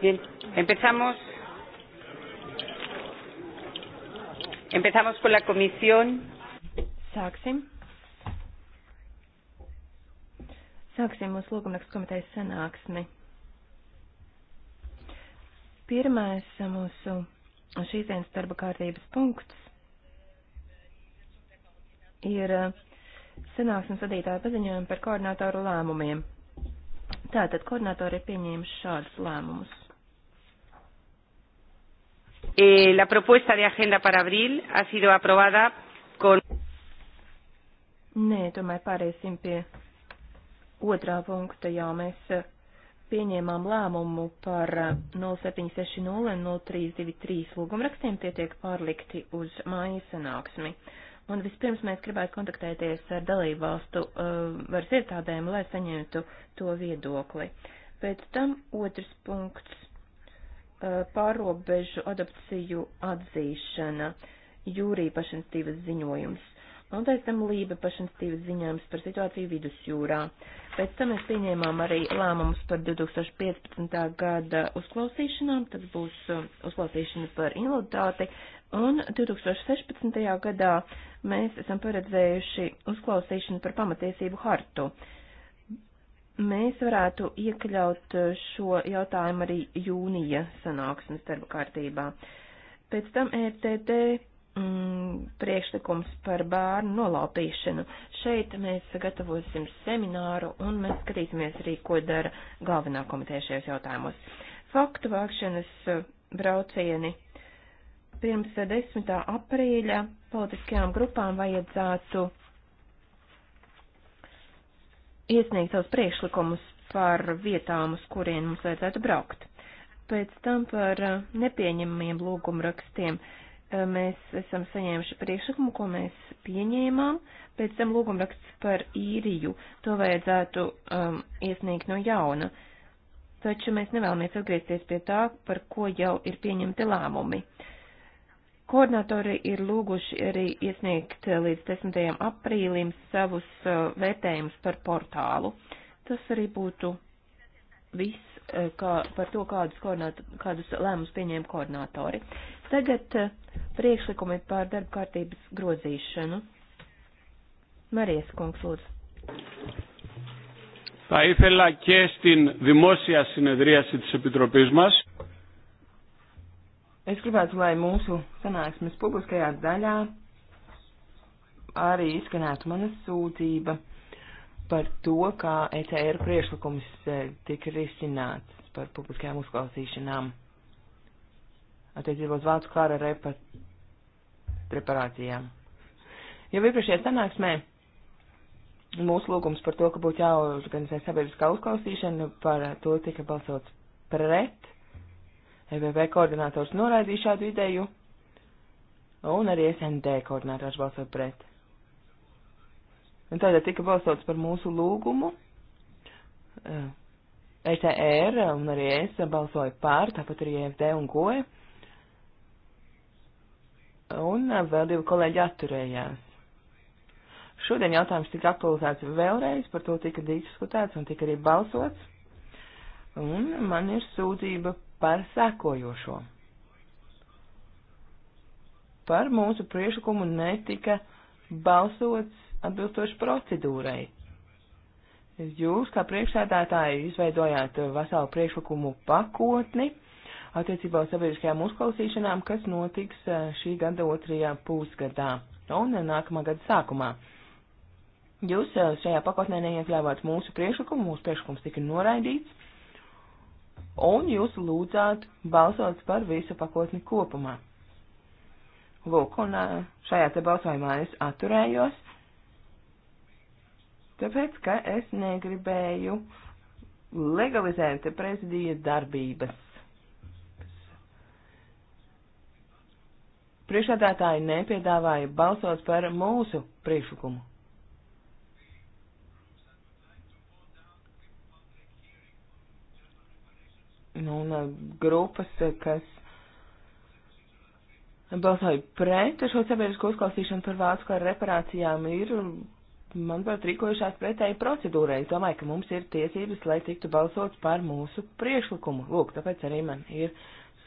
Bien, empezamos. Empezamos con la comisión. Sāksim. Sāksim mūsu lūgumrakstu komitejas sanāksmi. Pirmais mūsu šīs dienas darba kārtības punkts ir sanāksmes vadītāja paziņojumi par koordinātoru lēmumiem. Tātad koordinātori ir pieņēmuši šādus lēmumus. Eh, la propuesta de agenda para abril ha sido aprobada con. Nē, tomēr pārēsim pie otrā punkta, jau mēs eh, pieņēmām lēmumu par 0760 eh, un 0323 lūgumrakstiem, tie tiek pārlikti uz mājas sanāksmi. Un vispirms mēs gribētu kontaktēties ar dalību valstu uh, varas iestādēm, lai saņemtu to viedokli. Pēc tam otrs punkts Uh, pārobežu adopciju atzīšana, jūrī pašinstīvas ziņojums, un pēc tam lība pašinstīvas ziņojums par situāciju vidusjūrā. Pēc tam mēs pieņēmām arī lēmumus par 2015. gada uzklausīšanām, tad būs uh, uzklausīšana par invaliditāti, un 2016. gadā mēs esam paredzējuši uzklausīšanu par pamatiesību hartu. Uh, mēs varētu iekļaut eh, šo jautājumu arī jūnija sanāksmes darba kārtībā. Pēc tam ETT mm, priekšlikums par bērnu nolaupīšanu. Šeit mēs gatavosim semināru un mēs skatīsimies arī, ko dara galvenā komiteja šajos jautājumos. Faktu vākšanas eh, braucieni. Pirms 10. Eh, aprīļa politiskajām grupām vajadzētu uh, iesniegt savus priekšlikumus par vietām, uz kurien mums vajadzētu braukt. Pēc tam par eh, nepieņemamiem lūgumrakstiem eh, mēs esam saņēmuši priekšlikumu, ko mēs pieņēmām, pēc tam lūgumraksts par īriju, to vajadzētu um, iesniegt no jauna. Taču mēs nevēlamies atgriezties pie tā, par ko jau ir pieņemti lēmumi. Uh, Koordinatori ir lūguši arī iesniegt līdz 10. aprīlim savus uh, vērtējumus par portālu. Tas arī būtu viss uh, kā, par to, kādus, koordināt, kādus lēmumus pieņēma koordinatori. Tagad uh, priekšlikumi par darba kārtības grozīšanu. Marijas kungs, lūdzu. Θα ήθελα και στην δημόσια συνεδρίαση της Επιτροπής μας Es gribētu, lai mūsu sanāksmes publiskajā daļā arī izskanētu mana sūdzība par to, kā ECR priešlikums eh, tika risināts par publiskajām uzklausīšanām attiecībā uz vācu kara repa, reparācijām. Jau iepriekšējā sanāksmē mūsu lūgums par to, ka būtu jāorganizē sabiedriskā uzklausīšana, par to tika balsots pret. EVP koordinators noraidīja šādu ideju, un arī SND koordinators balsoja pret. Un tādēļ tika balsots par mūsu lūgumu. ECR e un arī es balsoju pār, tāpat arī EFD un GOE. Un vēl divi kolēģi atturējās. Šodien jautājums tika aktualizēts vēlreiz, par to tika diskutēts un tika arī balsots. Un man ir sūdzība par sekojošo. Par mūsu priešlikumu netika balsots atbilstoši procedūrai. Jūs, kā priekšsēdētāji, izveidojāt veselu priekšlikumu pakotni attiecībā uz sabiedriskajām uzklausīšanām, kas notiks eh, šī gada otrajā pusgadā un nākamā gada sākumā. Jūs eh, šajā pakotnē neiekļāvāt mūsu priekšlikumu, mūsu priekšlikums tika noraidīts, un jūs lūdzāt balsot par visu pakotni kopumā. Lūk, un šajā te balsojumā es atturējos, tāpēc, ka es negribēju legalizēt prezidija darbības. Priekšādātāji nepiedāvāja balsot par mūsu priekšlikumu. Nu, un uh, grupas, uh, kas balsoja pret šo sabiedrisko uzklausīšanu par vācu kā reparācijām, ir, manuprāt, rīkojušās pretēji procedūrai. Es domāju, ka mums ir tiesības, lai tiktu balsots par mūsu priešlikumu. Lūk, tāpēc arī man ir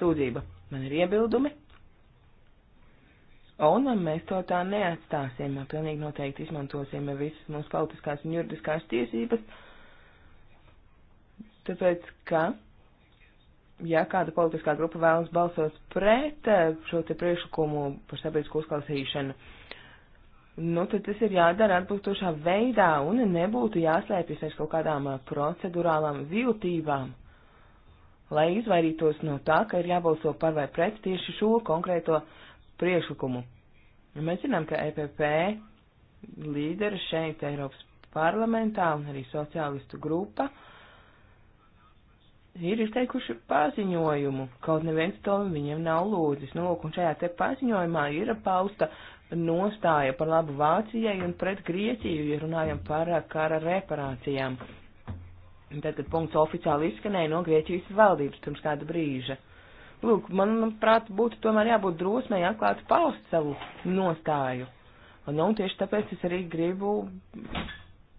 sūdzība. Man ir iebildumi. Un uh, mēs to tā neatstāsim. Pilnīgi noteikti izmantosim visas mūsu politiskās un juridiskās tiesības. Tāpēc, ka ja kāda politiskā grupa vēlas balsot pret eh, šo te priekšlikumu par sabiedrisko uzklausīšanu, nu, tad tas ir jādara atbilstošā veidā un nebūtu jāslēpjas aiz kaut kādām eh, procedurālām viltībām, lai izvairītos no tā, ka ir jābalso par vai pret tieši šo konkrēto priekšlikumu. Mēs zinām, ka EPP līderi šeit Eiropas parlamentā un arī sociālistu grupa uh, ir izteikuši paziņojumu, kaut neviens to viņiem nav lūdzis. Nu, lūk, un šajā te paziņojumā ir pausta nostāja par labu Vācijai un pret Grieķiju, ja runājam par kara reparācijām. Tad, kad punkts oficiāli izskanēja no Grieķijas valdības pirms kāda brīža. Lūk, manuprāt, būtu tomēr jābūt drosmei atklāt paust savu nostāju. Nu, un tieši tāpēc es arī gribu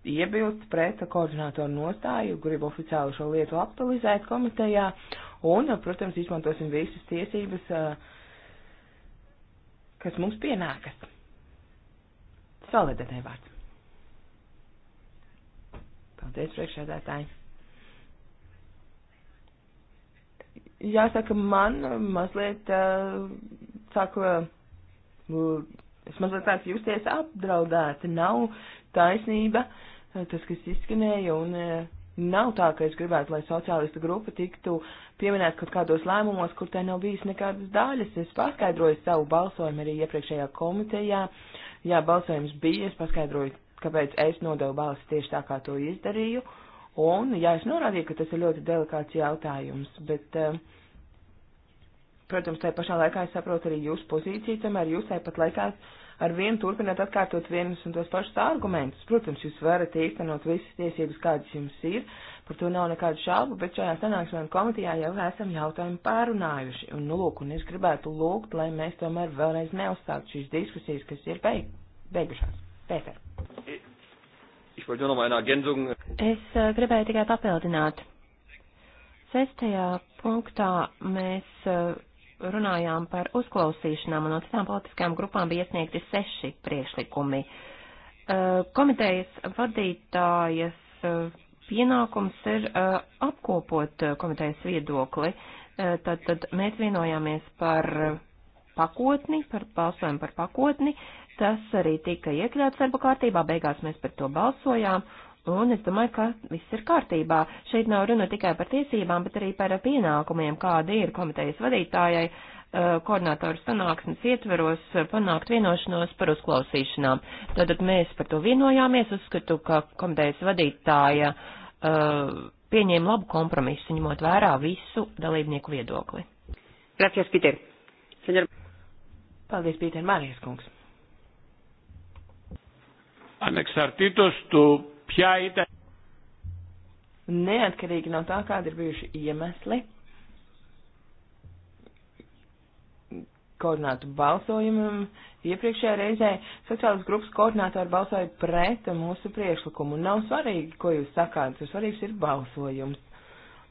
iebilst pret koordinātoru nostāju, gribu oficiāli šo lietu aktualizēt komitejā un, protams, izmantosim visas tiesības, eh, kas mums pienākas. Solidētē vārds. Paldies, priekšsēdētāji. Jāsaka, man mazliet uh, sāk, uh, es mazliet tāds justies apdraudēta, nav taisnība. Uh, Eh, tas, kas izskanēja, un eh, nav tā, ka es gribētu, lai sociālistu grupa tiktu pieminēt kaut kādos lēmumos, kur tai nav bijis nekādas daļas. Es paskaidroju savu balsojumu arī iepriekšējā komitejā. Jā, balsojums bija, es paskaidroju, kāpēc es nodevu balsi tieši tā, kā to izdarīju. Un, jā, es norādīju, ka tas ir ļoti delikāts jautājums, bet, eh, protams, tajā pašā laikā es saprotu arī jūsu pozīciju, tomēr jūs tajā pat laikā ar vienu turpināt atkārtot vienus un tos pašus argumentus. Protams, jūs varat īstenot visas tiesības, kādas jums ir, par to nav nekādu šaubu, bet šajā sanāksmē un komitejā jau esam jautājumu pārunājuši. Un, nu, lūk, un es gribētu lūgt, lai mēs tomēr vēlreiz neuzstātu šīs diskusijas, kas ir beig beigušās. Pēter. Es uh, gribēju tikai papildināt. Sestajā punktā mēs uh, runājām par uzklausīšanām, un no citām politiskajām grupām bija iesniegti seši priekšlikumi. Eh, komitejas vadītājas eh, pienākums ir eh, apkopot komitejas viedokli. Tad, tad mēs vienojāmies par pakotni, par balsojumu par pakotni. Tas arī tika iekļauts darba kārtībā, beigās mēs par to balsojām, Un es domāju, ka viss ir kārtībā. Šeit nav runa tikai par tiesībām, bet arī par pienākumiem, kāda ir komitejas vadītājai eh, koordinātoru sanāksmes ietveros eh, panākt vienošanos par uzklausīšanām. Tātad mēs par to vienojāmies, uzskatu, ka komitejas vadītāja eh, pieņēma labu kompromisu, ņemot vērā visu dalībnieku viedokli. Gracias, Piter. Senor... Paldies, Pīter Mārijas kungs. Ανεξαρτήτως του Ποια ήταν. Neatkarīgi no tā, kādi ir bijuši iemesli, koordinātu balsojumam. Iepriekšējā reizē sociālas grupas koordinātori balsoja pret mūsu priekšlikumu. Nav svarīgi, ko jūs sakāt, svarīgs ir balsojums.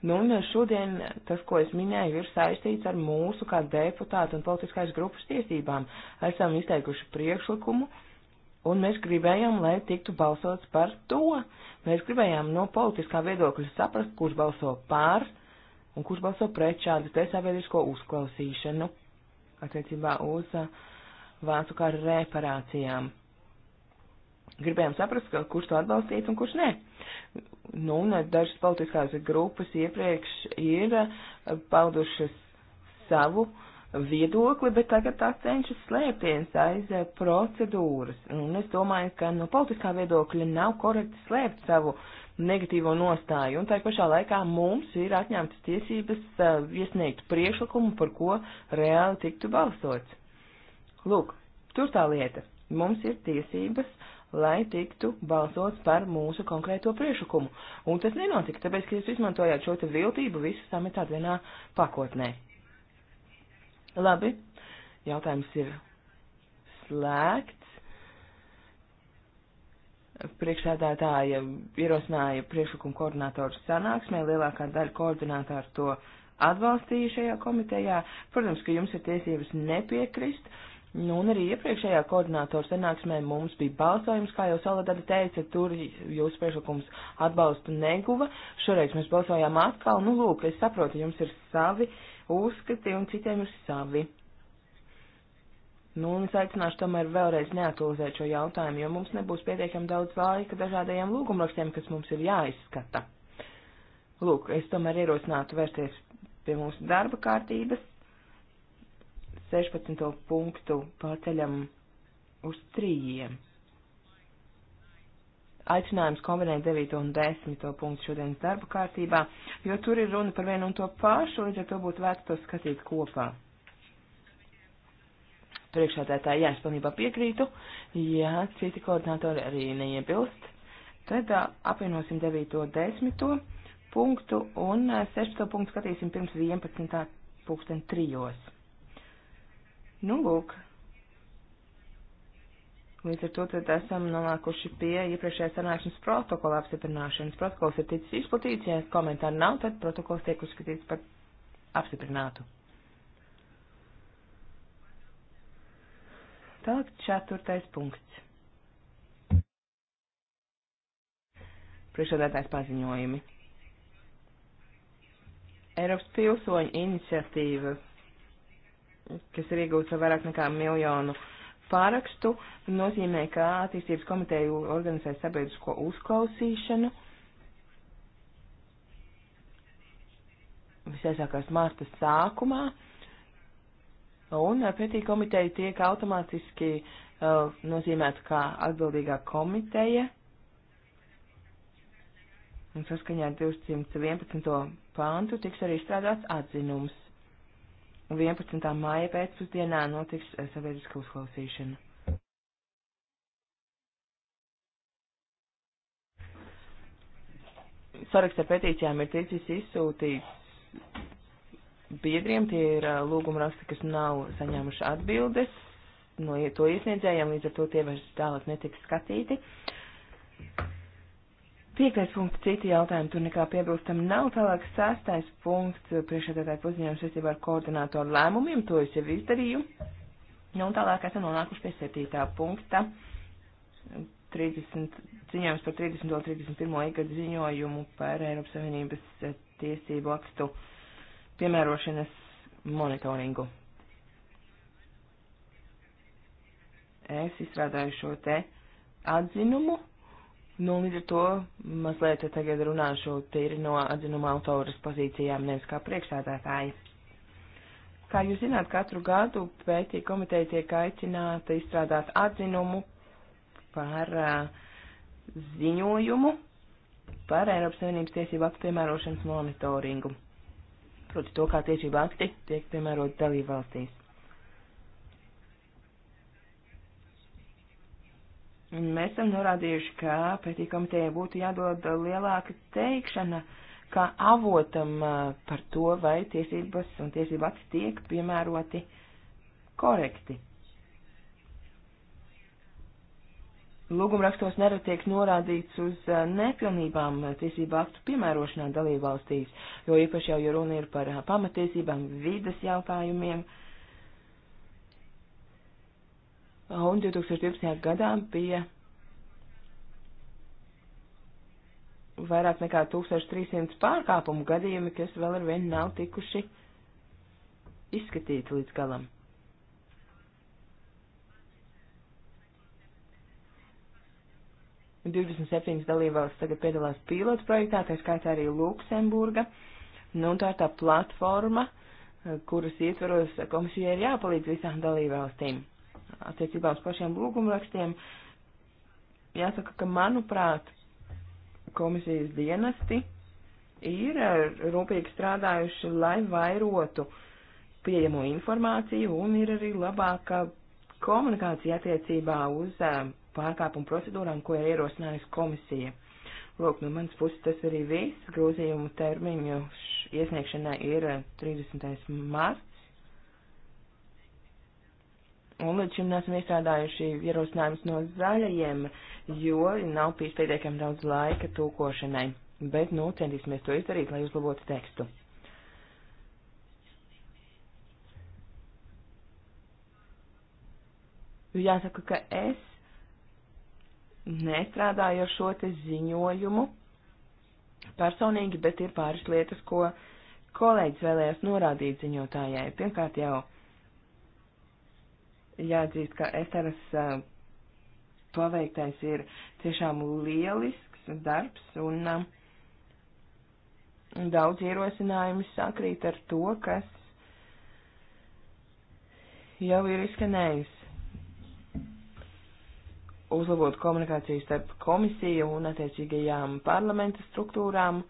Nu, un šodien tas, ko es minēju, ir saistīts ar mūsu kā deputātu un politiskais grupas tiesībām. Esam izteikuši priekšlikumu, uh, Un mēs gribējām, lai tiktu balsots par to. Mēs gribējām no politiskā viedokļa saprast, kurš balso pār un kurš balso pret šādu te sabiedrisko uzklausīšanu attiecībā uz uh, vācu kara reparācijām. Gribējām saprast, kurš to atbalstīt un kurš nē. Nu, un uh, dažas politiskās grupas iepriekš ir uh, paudušas savu uh, viedokli, bet tagad tā cenšas slēpties aiz eh, procedūras. Un es domāju, ka no politiskā viedokļa nav korekti slēpt savu negatīvo nostāju. Un tā pašā laikā mums ir atņemtas tiesības uh, iesniegt priešlikumu, par ko reāli tiktu balsots. Lūk, tur tā lieta. Mums ir tiesības lai tiktu balsots par mūsu konkrēto priešlikumu. Un tas nenotika, tāpēc, ka jūs izmantojāt šo te viltību visu sametāt vienā pakotnē. Labi, jautājums ir slēgts. Priekšsēdētāja ierosināja priekšlikumu koordinātoru sanāksmē, lielākā daļa koordinātāru to atbalstīja šajā komitejā. Protams, ka jums ir tiesības nepiekrist, Nu, un arī iepriekšējā koordinātora sanāksmē mums bija balsojums, kā jau Saladada teica, tur jūsu priekšlikums atbalstu neguva. Šoreiz mēs balsojām atkal. Nu, lūk, es saprotu, jums ir savi uzskati un citiem ir savi. Nu, un es aicināšu tomēr vēlreiz neaktualizēt šo jautājumu, jo mums nebūs pietiekami daudz laika dažādajiem lūgumrakstiem, kas mums ir jāizskata. Lūk, es tomēr ierosinātu vērsties pie mūsu darba kārtības. 16. punktu pārceļam uz trījiem aicinājums kombinēt 9 un 10 punktu šodienas darba kārtībā, jo tur ir runa par vienu un to pašu, līdz ar to būtu vērts to skatīt kopā. Priekšādētāji, jā, es pilnībā piekrītu, ja citi koordinātori arī neiebilst, tad apvienosim 9. un 10. punktu un 16. punktu skatīsim pirms 11. pulksten trijos. Nu, lūk, Līdz ar to tad esam nonākuši pie iepriekšējā sanāksmes protokola apstiprināšanas. Protokols ir ticis izplatīts, ja komentāri nav, tad protokols tiek uzskatīts par apstiprinātu. Tālāk četurtais punkts. Priekšādātājs paziņojumi. Eiropas pilsoņu iniciatīva, kas ir iegūta vairāk nekā miljonu pārakstu nozīmē, ka attīstības komiteja organizē sabiedrisko uzklausīšanu. Visāsākās mārta sākumā. Un pētī komiteja tiek automātiski uh, nozīmēta kā atbildīgā komiteja. Un saskaņā ar 211. pāntu tiks arī strādāts atzinums. 11. māja pēcpusdienā notiks eh, sabiedriska uzklausīšana. Saraksts ar petīcijām ir ticis izsūtīts biedriem, tie ir eh, lūguma raksti, kas nav saņēmuši atbildes no to iesniedzējiem, līdz ar to tie vairs tālāk netiks skatīti. Uh, Piektais punkts, citi jautājumi, tur nekā piebilstam nav. Tālāk sastais punkts, priekšsēdētāji paziņojums saistībā ar koordinātoru lēmumiem, to es jau izdarīju. Nu, un tālāk esam nonākuši pie septītā punkta. 30, ziņojums par 30. un 31. gadu ziņojumu par Eiropas Savienības eh, tiesību akstu piemērošanas monitoringu. Es izstrādāju šo te atzinumu Nu, līdz ar to mazliet tagad runāšu tīri no atzinuma autoras pozīcijām, nevis kā priekšsādātāji. Kā jūs zināt, katru gadu pētī komiteja tiek aicināta izstrādāt atzinumu par uh, ziņojumu par Eiropas Savienības tiesību aktu piemērošanas monitoringu. Proti to, kā tiesību akti tiek piemēroti dalībvalstīs. Mēs esam norādījuši, ka pētīkomitejai būtu jādod lielāka teikšana, kā avotam par to, vai tiesības un tiesību akti tiek piemēroti korekti. Lūgumrakstos nerad tiek norādīts uz nepilnībām tiesību aktu piemērošanā dalībvalstīs, jo īpaši jau, ja runa ir par pamatiesībām, vidas jautājumiem, uh, un 2012. gadā bija vairāk nekā 1300 pārkāpumu gadījumi, kas vēl ar vienu nav tikuši izskatīti līdz galam. Un 27 dalībvalstis tagad piedalās pilotu projektā, tā skaitā arī Luksemburga. Nu, tā ir tā platforma, kuras ietvaros komisijai ir jāpalīdz visām dalībvalstīm attiecībā uz pašiem lūgumrakstiem. Jāsaka, ka manuprāt, komisijas dienesti ir eh, rūpīgi strādājuši, lai vairotu pieejamo informāciju un ir arī labāka komunikācija attiecībā uz eh, pārkāpumu procedūrām, ko ir ierosinājusi komisija. Lūk, no nu manas puses tas arī viss. Grozījumu termiņu iesniegšanai ir 30. Eh, marts. Un līdz šim nesam iestrādājuši ierosinājumus no zaļajiem, jo nav bijis pietiekami daudz laika tūkošanai. Bet, nu, centīsimies to izdarīt, lai uzlabotu tekstu. Jāsaka, ka es nestrādāju ar šo te ziņojumu personīgi, bet ir pāris lietas, ko kolēģis vēlējās norādīt ziņotājai. Pirmkārt jau jāatzīst, ka SRS paveiktais ir tiešām lielisks darbs un daudz ierosinājumi sakrīt ar to, kas jau ir izskanējis. Uzlabot komunikāciju starp komisiju un attiecīgajām parlamenta struktūrām. Uh,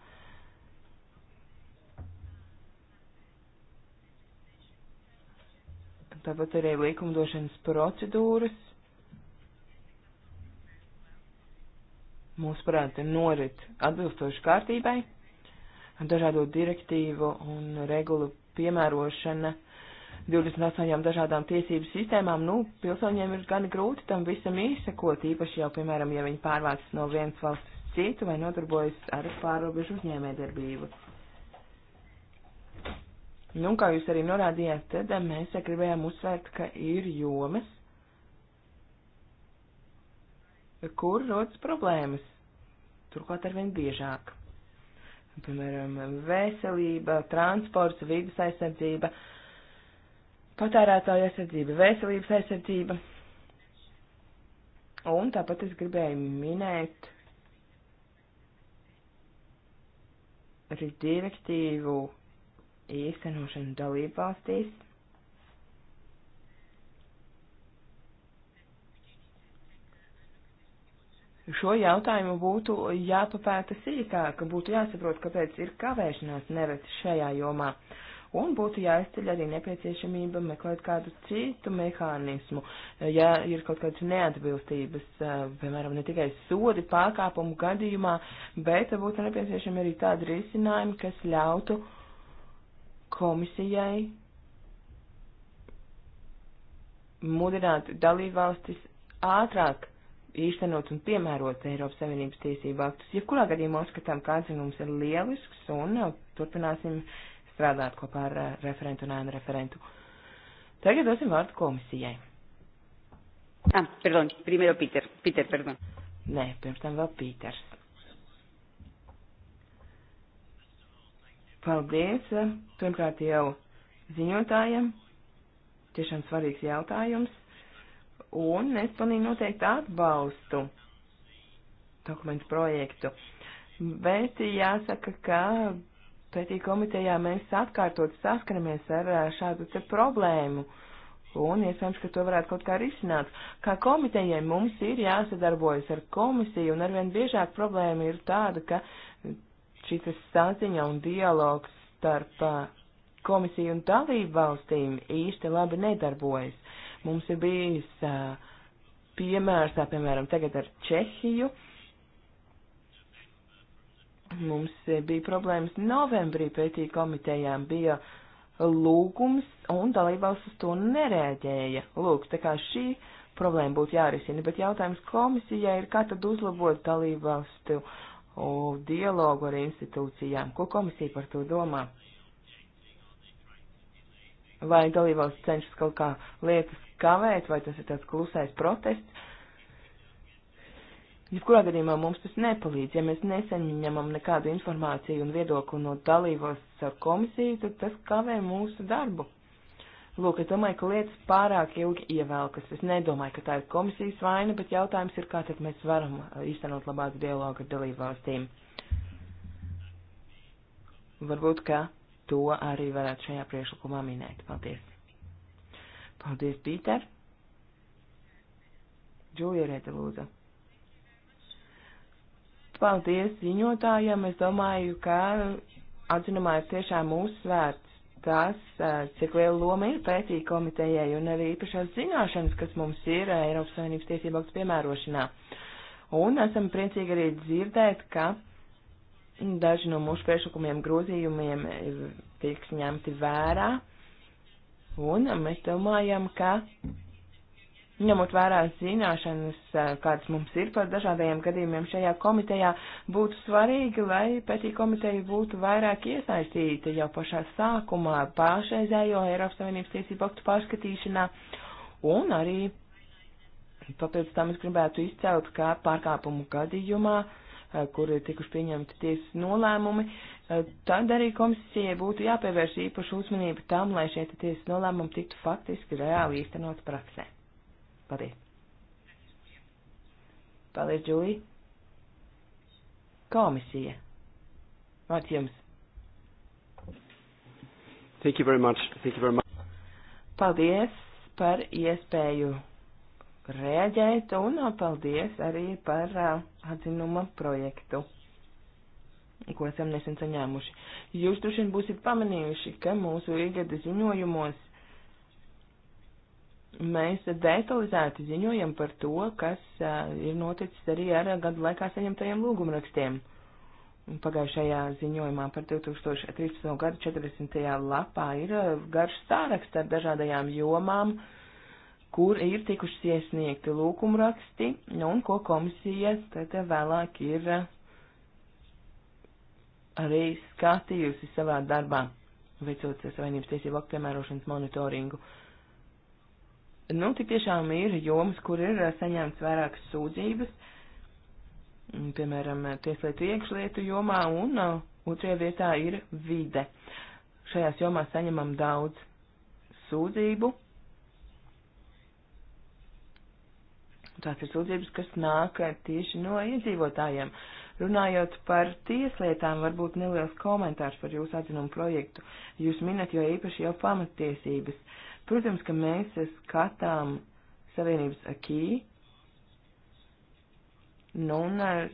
tāpat arī likumdošanas procedūras. Mūsu prāta norit atbilstoši kārtībai, dažādo direktīvu un regulu piemērošana 28 dažādām tiesību sistēmām, nu, pilsoņiem ir gan grūti tam visam izsekot, īpaši jau, piemēram, ja viņi pārvācas no vienas valsts citu vai nodarbojas ar pārobežu uzņēmējdarbību. Nu, kā jūs arī norādījāt, tad mēs gribējām uzsvērt, ka ir jomas, kur rodas problēmas, turklāt arvien biežāk. Piemēram, veselība, transports, vidas aizsardzība, patērētāja aizsardzība, veselības aizsardzība. Un tāpat es gribēju minēt arī direktīvu īstenošanu dalību valstīs. Šo jautājumu būtu jāpapēta sīkāk, būtu jāsaprot, kāpēc ir kavēšanās nevis šajā jomā, un būtu jāizceļ arī nepieciešamība meklēt kādu citu mehānismu, ja ir kaut kādas neatbilstības, piemēram, ne tikai sodi pārkāpumu gadījumā, bet būtu nepieciešami arī tādi risinājumi, kas ļautu uh, komisijai mudināt dalībvalstis ātrāk īstenot un piemērot Eiropas Savienības tiesību aktus. Jebkurā gadījumā uzskatām, ka atzinums ir lielisks un uh, turpināsim strādāt kopā ar uh, referentu un ēnu referentu. Tagad dosim vārdu komisijai. Ah, perdon, primero Peter. Peter, perdon. Nē, pirms tam vēl Pīters. Paldies eh, pirmkārt jau ziņotājiem. Tiešām svarīgs jautājums. Un es pilnīgi noteikti atbalstu dokumentu projektu. Bet jāsaka, ka pētī komitejā mēs atkārtot saskaramies ar eh, šādu te problēmu. Un iespējams, ka to varētu kaut kā risināt. Kā komitejai mums ir jāsadarbojas ar komisiju, un arvien biežāk problēma ir tāda, ka uh, šis saziņa un dialogs starp komisiju un dalību valstīm īsti labi nedarbojas. Mums ir bijis piemērs, tā piemēram, tagad ar Čehiju. Mums bija problēmas novembrī pētī komitejām, bija lūgums un dalībvalsts uz to nereaģēja. Lūk, tā kā šī problēma būtu jārisina, bet jautājums komisijai ir, kā tad uzlabot dalībvalstu u dijalogu ar institūcijām. Ko komisija par to domā? Vai dalībvalsts cenšas kaut kā lietas kavēt, vai tas ir tāds klusais protests? Jebkurā gadījumā mums tas nepalīdz. Ja mēs nesaņemam nekādu informāciju un viedokli no dalībvalsts ar komisiju, tad tas kavē mūsu darbu. Lūk, es domāju, ka lietas pārāk ilgi ievelkas. Es nedomāju, ka tā ir komisijas vaina, bet jautājums ir, kā tad mēs varam uh, īstenot labāku dialogu ar dalībvalstīm. Varbūt, ka to arī varētu šajā priekšlikumā minēt. Paldies. Paldies, Pīter. Džulija Rēta lūdzu. Paldies ziņotājiem. Es domāju, ka atzinumā ir tiešām uzsvērts tas, eh, cik liela loma ir pētī komitejai un arī īpašās zināšanas, kas mums ir eh, Eiropas Savienības tiesību aktu piemērošanā. Un esam priecīgi arī dzirdēt, ka daži no mūsu priekšlikumiem grozījumiem tiks ņemti vērā. Un mēs domājam, ka ņemot vērā zināšanas, eh, kādas mums ir par dažādajiem gadījumiem šajā komitejā, būtu svarīgi, lai pētī komiteja būtu vairāk iesaistīta jau pašā sākumā pašreizējo Eiropas Savienības tiesību aktu pārskatīšanā. Un arī papildus tam es gribētu izcelt, ka pārkāpumu gadījumā eh, kur ir tikuši pieņemti tiesas nolēmumi, eh, tad arī komisijai būtu jāpievērš īpašu uzmanību tam, lai šie tiesas nolēmumi tiktu faktiski reāli īstenot praksē. Paldies. Paldies, Džulija. Komisija. Vārds jums. Thank you very much. Thank you very much. Paldies par iespēju rēģēt un paldies arī par uh, atzinuma projektu, ko esam nesen saņēmuši. Jūs droši vien būsiet pamanījuši, ka mūsu iegada ziņojumos mēs detalizēti ziņojam par to, kas eh, ir noticis arī ar gadu laikā saņemtajiem lūgumrakstiem. Pagājušajā ziņojumā par 2013. gadu 40. lapā ir eh, garš sāraksts ar dažādajām jomām, kur ir tikušas iesniegti lūkumraksti un ko komisija tad vēlāk ir eh, arī skatījusi savā darbā, veicot savienības tiesību aktu piemērošanas monitoringu. Uh, Nu, tik tiešām ir jomas, kur ir eh, saņemts vairākas sūdzības, mm, piemēram, eh, tieslietu iekšlietu jomā, un eh, otrajā vietā ir vide. Šajās jomās saņemam daudz sūdzību. Tās ir sūdzības, kas nāk tieši no iedzīvotājiem. Runājot par tieslietām, varbūt neliels komentārs par jūsu atzinumu projektu. Jūs minat jau īpaši jau pamatiesības. Uh, Protams, ka mēs skatām Savienības akī, nu, un eh,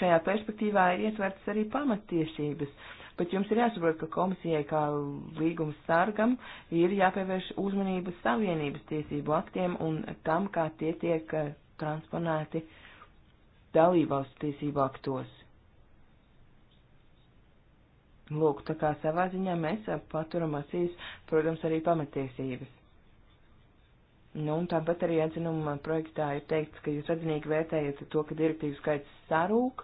šajā perspektīvā ir ietverts arī pamatiešības, bet jums ir jāsaprot, ka komisijai kā līgums sargam ir jāpievērš uzmanība Savienības tiesību aktiem un tam, kā tie tiek eh, transponēti dalībvalstu tiesību aktos. Lūk, tā kā savā ziņā mēs paturam acīs, protams, arī pamatiesības. Nu, un tāpat arī atzinuma projektā ir teikts, ka jūs atzinīgi vērtējat to, ka direktīvu skaits sarūk.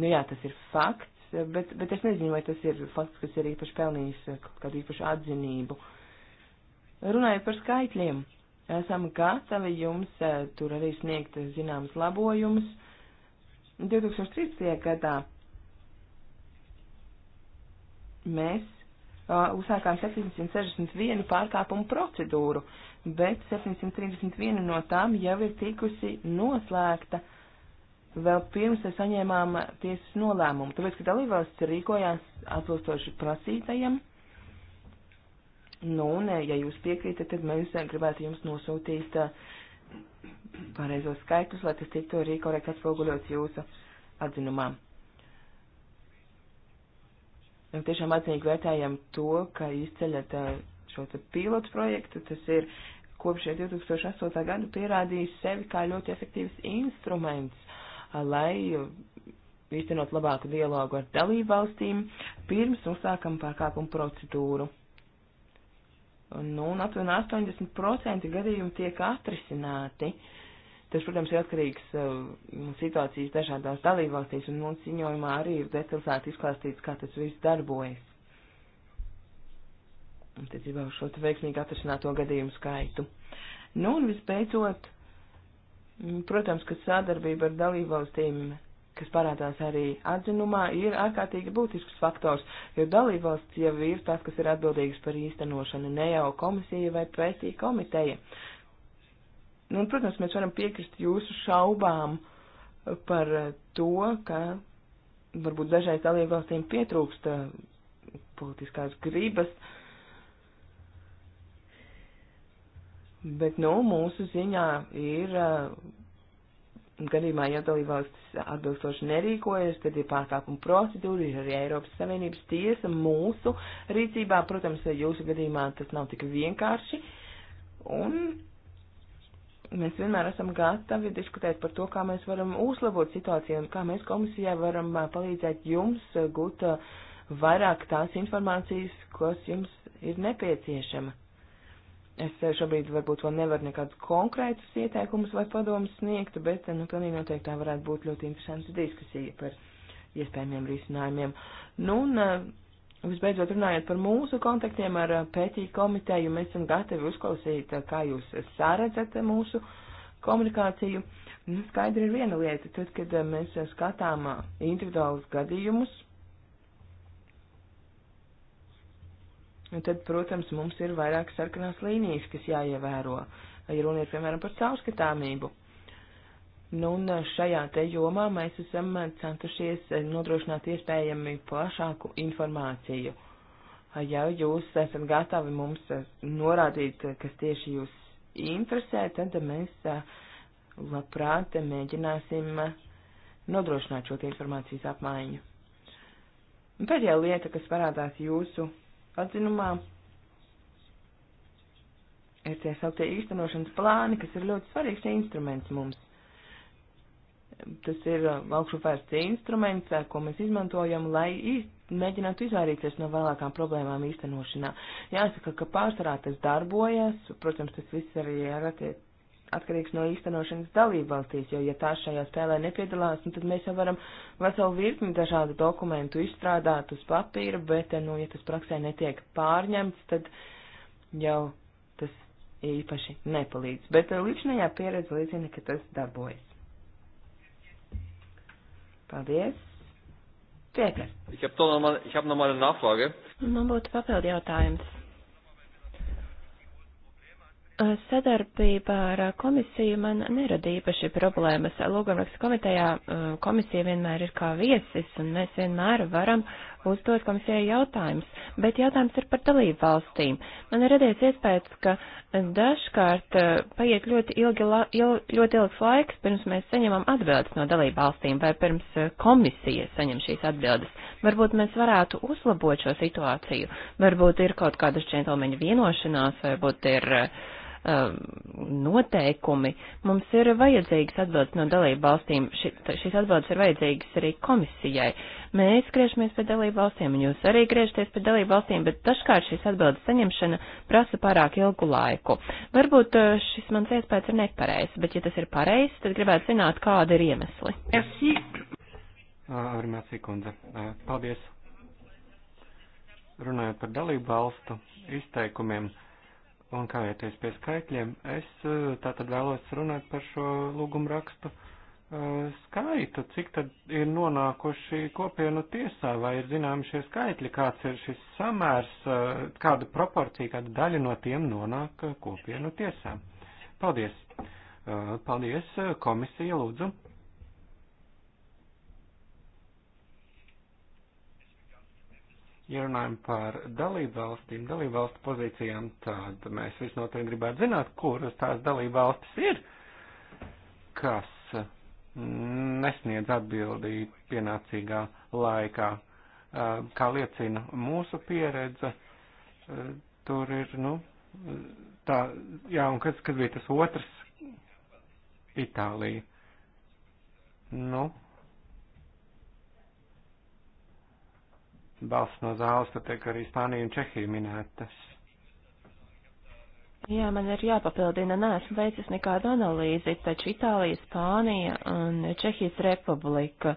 Nu jā, tas ir fakts, bet, bet es nezinu, vai tas ir fakts, kas ir īpaši pelnījis kaut kādu īpašu atzinību. Runājot par skaitļiem, esam gatavi jums eh, tur arī sniegt zināmas labojumus. 2013. gadā mēs uh, uzsākām 761 pārkāpumu procedūru, bet 731 no tām jau ir tikusi noslēgta vēl pirms saņēmām tiesas nolēmumu, tāpēc, ka dalībvalsts rīkojās atbilstoši prasītajam. Nu, un, ja jūs piekrītat, tad mēs gribētu jums nosūtīt uh, pareizos skaitļus, lai tas tiktu arī korekti atspoguļots jūsu atzinumā. Un tiešām atzinīgi vērtējam to, ka izceļat uh, šo pilotu projektu. Tas ir kopš 2008. gada pierādījis sevi kā ļoti efektīvs instruments, uh, lai īstenot labāku dialogu ar dalību valstīm, pirms uzsākam pārkāpumu procedūru. Un, nu, un aptuveni 80% gadījumu tiek atrisināti. Uh, Tas, protams, ir atkarīgs eh, no situācijas dažādās dalībvalstīs, un mūsu ziņojumā arī ir detalizēti izklāstīts, kā tas viss darbojas. Attiecībā uz šo veiksmīgi atrasināto gadījumu skaitu. Nu, un visbeidzot, mm, protams, ka sadarbība ar dalībvalstīm, kas parādās arī atzinumā, ir ārkārtīgi būtisks faktors, jo dalībvalsts jau ir tās, kas ir atbildīgas par īstenošanu, ne jau komisija vai pētī komiteja. komiteja Nu, un, protams, mēs varam piekrist jūsu šaubām par to, ka varbūt dažreiz dalībvalstīm pietrūkst eh, politiskās gribas, bet, nu, mūsu ziņā ir eh, gadījumā, ja dalībvalstis atbilstoši nerīkojas, tad ir pārkāpuma procedūra, ir arī Eiropas Savienības tiesa mūsu rīcībā. Protams, jūsu gadījumā tas nav tik vienkārši. Un mēs vienmēr esam gatavi diskutēt par to, kā mēs varam uzlabot situāciju un kā mēs komisijā varam palīdzēt jums gūt vairāk tās informācijas, kas jums ir nepieciešama. Es šobrīd varbūt vēl nevaru nekādus konkrētus ieteikumus vai padomus sniegt, bet, nu, pilnīgi noteikti tā varētu būt ļoti interesanta diskusija par iespējamiem risinājumiem. Nu, un, Visbeidzot, runājot par mūsu kontaktiem ar pētīju komiteju, mēs esam gatavi uzklausīt, kā jūs sāredzat mūsu komunikāciju. Nu, skaidri ir viena lieta, tad, kad mēs skatām individuālus gadījumus, nu, tad, protams, mums ir vairāk sarkanās līnijas, kas jāievēro, ja runa ir, piemēram, par caurskatāmību. Nu, un eh, šajā te jomā mēs esam eh, centušies eh, nodrošināt iespējami plašāku informāciju. Ja jūs esat gatavi mums norādīt, kas tieši jūs interesē, tad mēs labprāt mēģināsim nodrošināt šo informācijas apmaiņu. Un pēdējā lieta, kas parādās jūsu atzinumā, ir tie sauktie īstenošanas plāni, kas ir ļoti svarīgs instruments mums. Tas ir um, augšu vērsts instruments, ko mēs izmantojam, lai īst, mēģinātu izvairīties no vēlākām problēmām īstenošanā. Jāsaka, ka pārsvarā tas darbojas, protams, tas viss arī ir attiec, atkarīgs no īstenošanas dalībvalstīs, jo, ja tā šajā spēlē nepiedalās, nu, tad mēs jau varam veselu virkni dažādu dokumentu izstrādāt uz papīra, bet, nu, ja tas praksē netiek pārņemts, tad jau tas īpaši nepalīdz. Bet uh, līdzinājā pieredze liecina, ka tas darbojas. Paldies. Pēter. Ich habe noch mal, ich habe noch mal eine Nachfrage. Man būtu papildu jautājums. Sadarbība ar komisiju man neradīja īpaši problēmas. Lūgumraksta komitejā komisija vienmēr ir kā viesis, un mēs vienmēr varam uzdot komisijai jautājums, bet jautājums ir par dalību valstīm. Man ir radies iespējas, ka dažkārt eh, paiet ļoti, ilgi, ļoti ilgs laiks, pirms mēs saņemam atbildes no dalību valstīm vai pirms eh, komisija saņem šīs atbildes. Varbūt mēs varētu uzlabot šo situāciju, varbūt ir kaut kādas džentlmeņa vienošanās, varbūt ir uh, um, noteikumi. Mums ir vajadzīgas atbildes no dalību valstīm. Ši, šīs atbildes ir vajadzīgas arī komisijai. Mēs griežamies pie dalību valstīm, un jūs arī griežaties pie dalību valstīm, bet dažkārt šīs atbildes saņemšana prasa pārāk ilgu laiku. Varbūt uh, šis mans iespējas ir nepareizs, bet ja tas ir pareizs, tad gribētu zināt, kāda ir iemesli. Merci. Arī Mācī kundze. Paldies runājot par dalību valstu izteikumiem, Un kavēties pie skaitļiem, es eh, tātad vēlos runāt par šo lūgumu rakstu eh, skaitu, cik tad ir nonākuši kopienu tiesā, vai ir zināmi šie skaitļi, kāds ir šis samērs, eh, kāda proporcija, kāda daļa no tiem nonāk kopienu tiesā. Paldies! Paldies, komisija, lūdzu! Ja runājam par dalībvalstīm, dalībvalstu pozīcijām, tad mēs visnotaļ gribētu zināt, kuras tās dalībvalstis ir, kas nesniedz atbildi pienācīgā laikā. Kā liecina mūsu pieredze, tur ir, nu, tā, jā, un kas, kas bija tas otrs? Itālija. Nu, balsts no zāles, tad tiek arī Spānija un Čehija minētas. Jā, man ir jāpapildina, neesmu veicis nekādu analīzi, taču Itālija, Spānija un Čehijas republika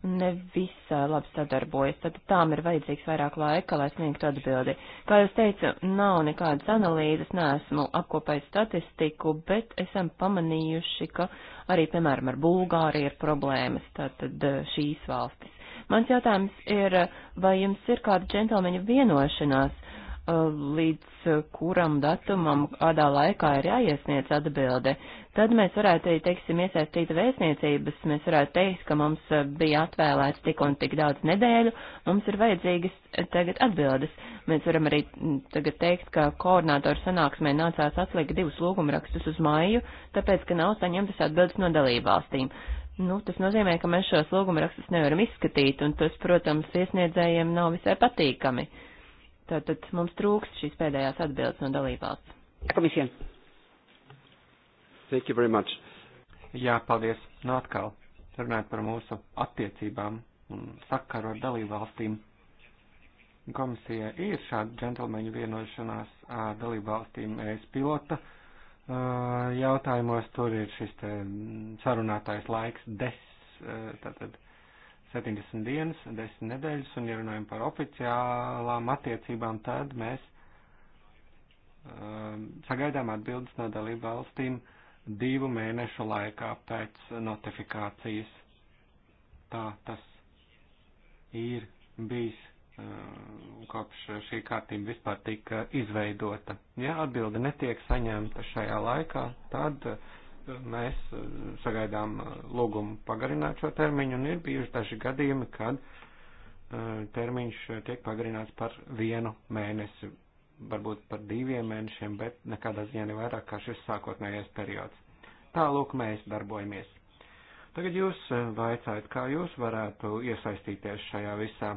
nevisai labi sadarbojas, tad tām ir vajadzīgs vairāk laika, lai sniegtu atbildi. Kā jūs teicu, nav nekādas analīzes, neesmu apkopējis statistiku, bet esam pamanījuši, ka arī, piemēram, ar Bulgāriju ir problēmas, tātad eh, šīs valstis. Mans jautājums ir, vai jums ir kāda džentlmeņa vienošanās, uh, līdz uh, kuram datumam kādā laikā ir jāiesniedz atbilde? Tad mēs varētu, teiksim, iesaistīt vēstniecības, mēs varētu teikt, ka mums uh, bija atvēlēts tik un tik daudz nedēļu, mums ir vajadzīgas tagad atbildes. Mēs varam arī mm, tagad teikt, ka koordinātoru sanāksmē nācās atlikt divus lūgumrakstus uz māju, tāpēc, ka nav saņemtas atbildes no dalībvalstīm. Nu, tas nozīmē, ka mēs šos lūgumrakstus nevaram izskatīt, un tas, protams, iesniedzējiem nav visai patīkami. Tātad mums trūkst šīs pēdējās atbildes no dalībvalsts. Komisija. Thank you very much. Jā, paldies. Nu atkal, runājot par mūsu attiecībām un sakaru ar dalībvalstīm. Komisija ir šāda džentlmeņu vienošanās ar dalībvalstīm ES pilota. Uh, jautājumos tur ir šis te sarunātājs laiks des, tātad 70 dienas, 10 nedēļas, un ja runājam par oficiālām attiecībām, tad mēs sagaidām atbildes no dalību valstīm divu mēnešu laikā pēc notifikācijas. Tā tas ir bijis Um, kopš šī kārtība vispār tika izveidota. Ja atbilde netiek saņemta šajā laikā, tad uh, mēs uh, sagaidām uh, lūgumu pagarināt šo termiņu, un ir bijuši daži gadījumi, kad termiņš tiek pagarināts par vienu mēnesi, varbūt par diviem mēnešiem, bet nekādā ziņā ne vairāk kā šis sākotnējais periods. Tālūk mēs darbojamies. Tagad jūs vaicājat, kā jūs varētu iesaistīties šajā visā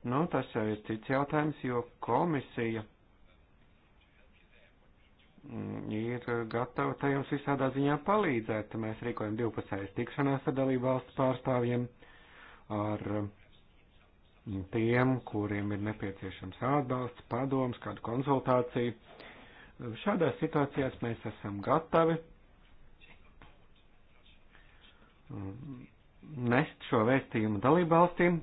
Nu, tas jau ir cits jautājums, jo komisija mm, ir gatava tā jums visādā ziņā palīdzēt. Mēs rīkojam divpusējas tikšanās ar dalību valsts pārstāvjiem, ar mm, tiem, kuriem ir nepieciešams atbalsts, padoms, kādu konsultāciju. Šādās situācijās mēs esam gatavi mm, nest šo vēstījumu dalību valstīm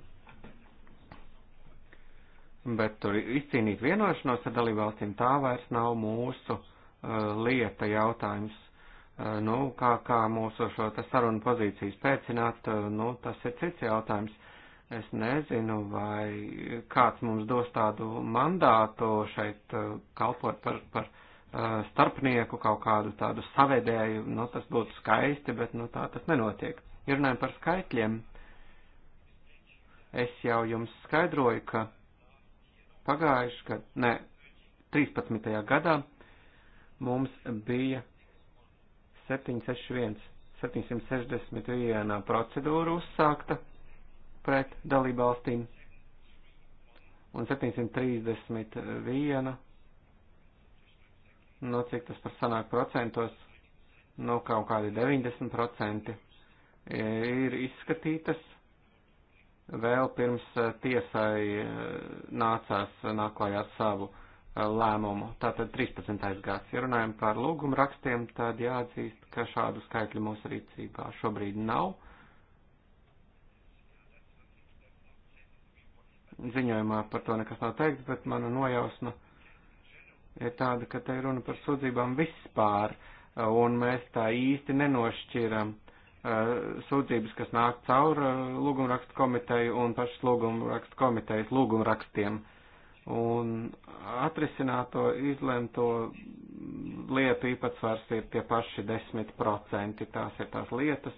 bet tur izcīnīt vienošanos ar dalībvalstīm tā vairs nav mūsu uh, lieta jautājums. Uh, nu, kā, kā mūsu šo te sarunu pozīcijas pēcināt, uh, nu, tas ir cits jautājums. Es nezinu, vai kāds mums dos tādu mandātu šeit uh, kalpot par, par uh, starpnieku, kaut kādu tādu savedēju, nu, tas būtu skaisti, bet, nu, tā tas nenotiek. Ja runājam par skaitļiem, es jau jums skaidroju, ka pagājuši, kad, ne, 13. gadā mums bija 761, 761 procedūra uzsākta pret dalībvalstīm un 731, no nu, cik tas par sanāk procentos, no nu, kaut kādi 90% ir izskatītas vēl pirms eh, tiesai eh, nācās eh, nāklājā savu lēmumu. Tātad 13. gads. Ja runājam par lūgumu rakstiem, tad jāatzīst, ka šādu skaitļu mūsu rīcībā šobrīd nav. Ziņojumā par to nekas nav teikts, bet mana nojausma ir tāda, ka te runa par sūdzībām vispār, un mēs tā īsti nenošķiram Eh, sūdzības, kas nāk caur eh, lūgumrakstu komiteju un pašas lūgumrakstu komitejas lūgumrakstiem. Un atrisināto, izlemto lietu īpatsvars ir tie paši 10%. Tās ir tās lietas,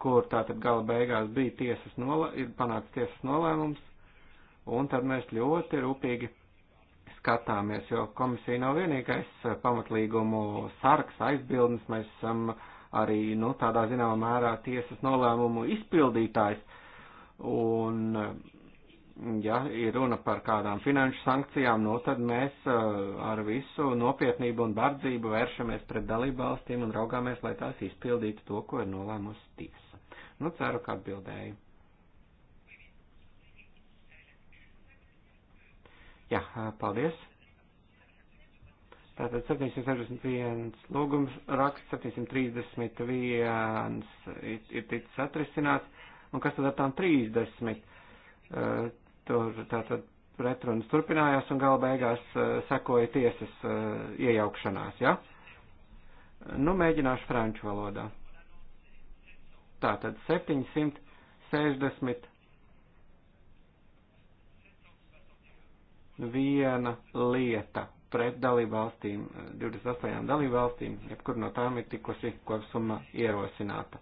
kur tātad gala beigās bija tiesas nola, ir panāks tiesas nolēmums, un tad mēs ļoti rūpīgi skatāmies, jo komisija nav vienīgais eh, pamatlīgumu sargs, aizbildnis, mēs esam. Um, arī, nu, tādā zināmā mērā tiesas nolēmumu izpildītājs. Un, ja ir runa par kādām finanšu sankcijām, nu, tad mēs uh, ar visu nopietnību un bardzību vēršamies pret dalībvalstīm un raugāmies, lai tās izpildītu to, ko ir nolēmusi tiesa. Nu, ceru, ka atbildēju. Jā, paldies. Tātad 761 lūgums raksts, 731 ir, ir ticis atrisināts, un kas tad ar tām 30? Uh, tur tātad pretrunas turpinājās un gala beigās uh, sekoja tiesas uh, iejaukšanās, ja? Nu, mēģināšu franču valodā. Tātad 760 viena lieta pret dalībvalstīm, 28 eh, dalībvalstīm, jebkur no tām ir tikusi kopsumma ierosināta.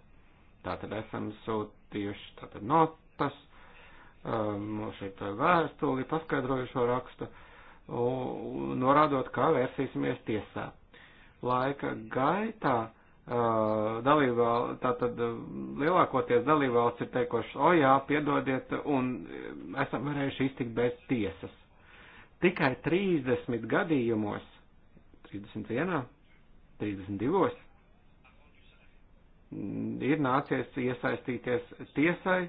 Tātad esam sūtījuši tātad notas, um, šeit vēstuli, paskaidrojušo rakstu, un norādot, kā vērsīsimies tiesā. Laika gaitā uh, eh, dalībvalsts, tātad lielākoties dalībvalsts ir teikuši, o jā, piedodiet, un esam varējuši iztikt bez tiesas Tikai 30 gadījumos, 31, 32, mm, ir nācies iesaistīties tiesai,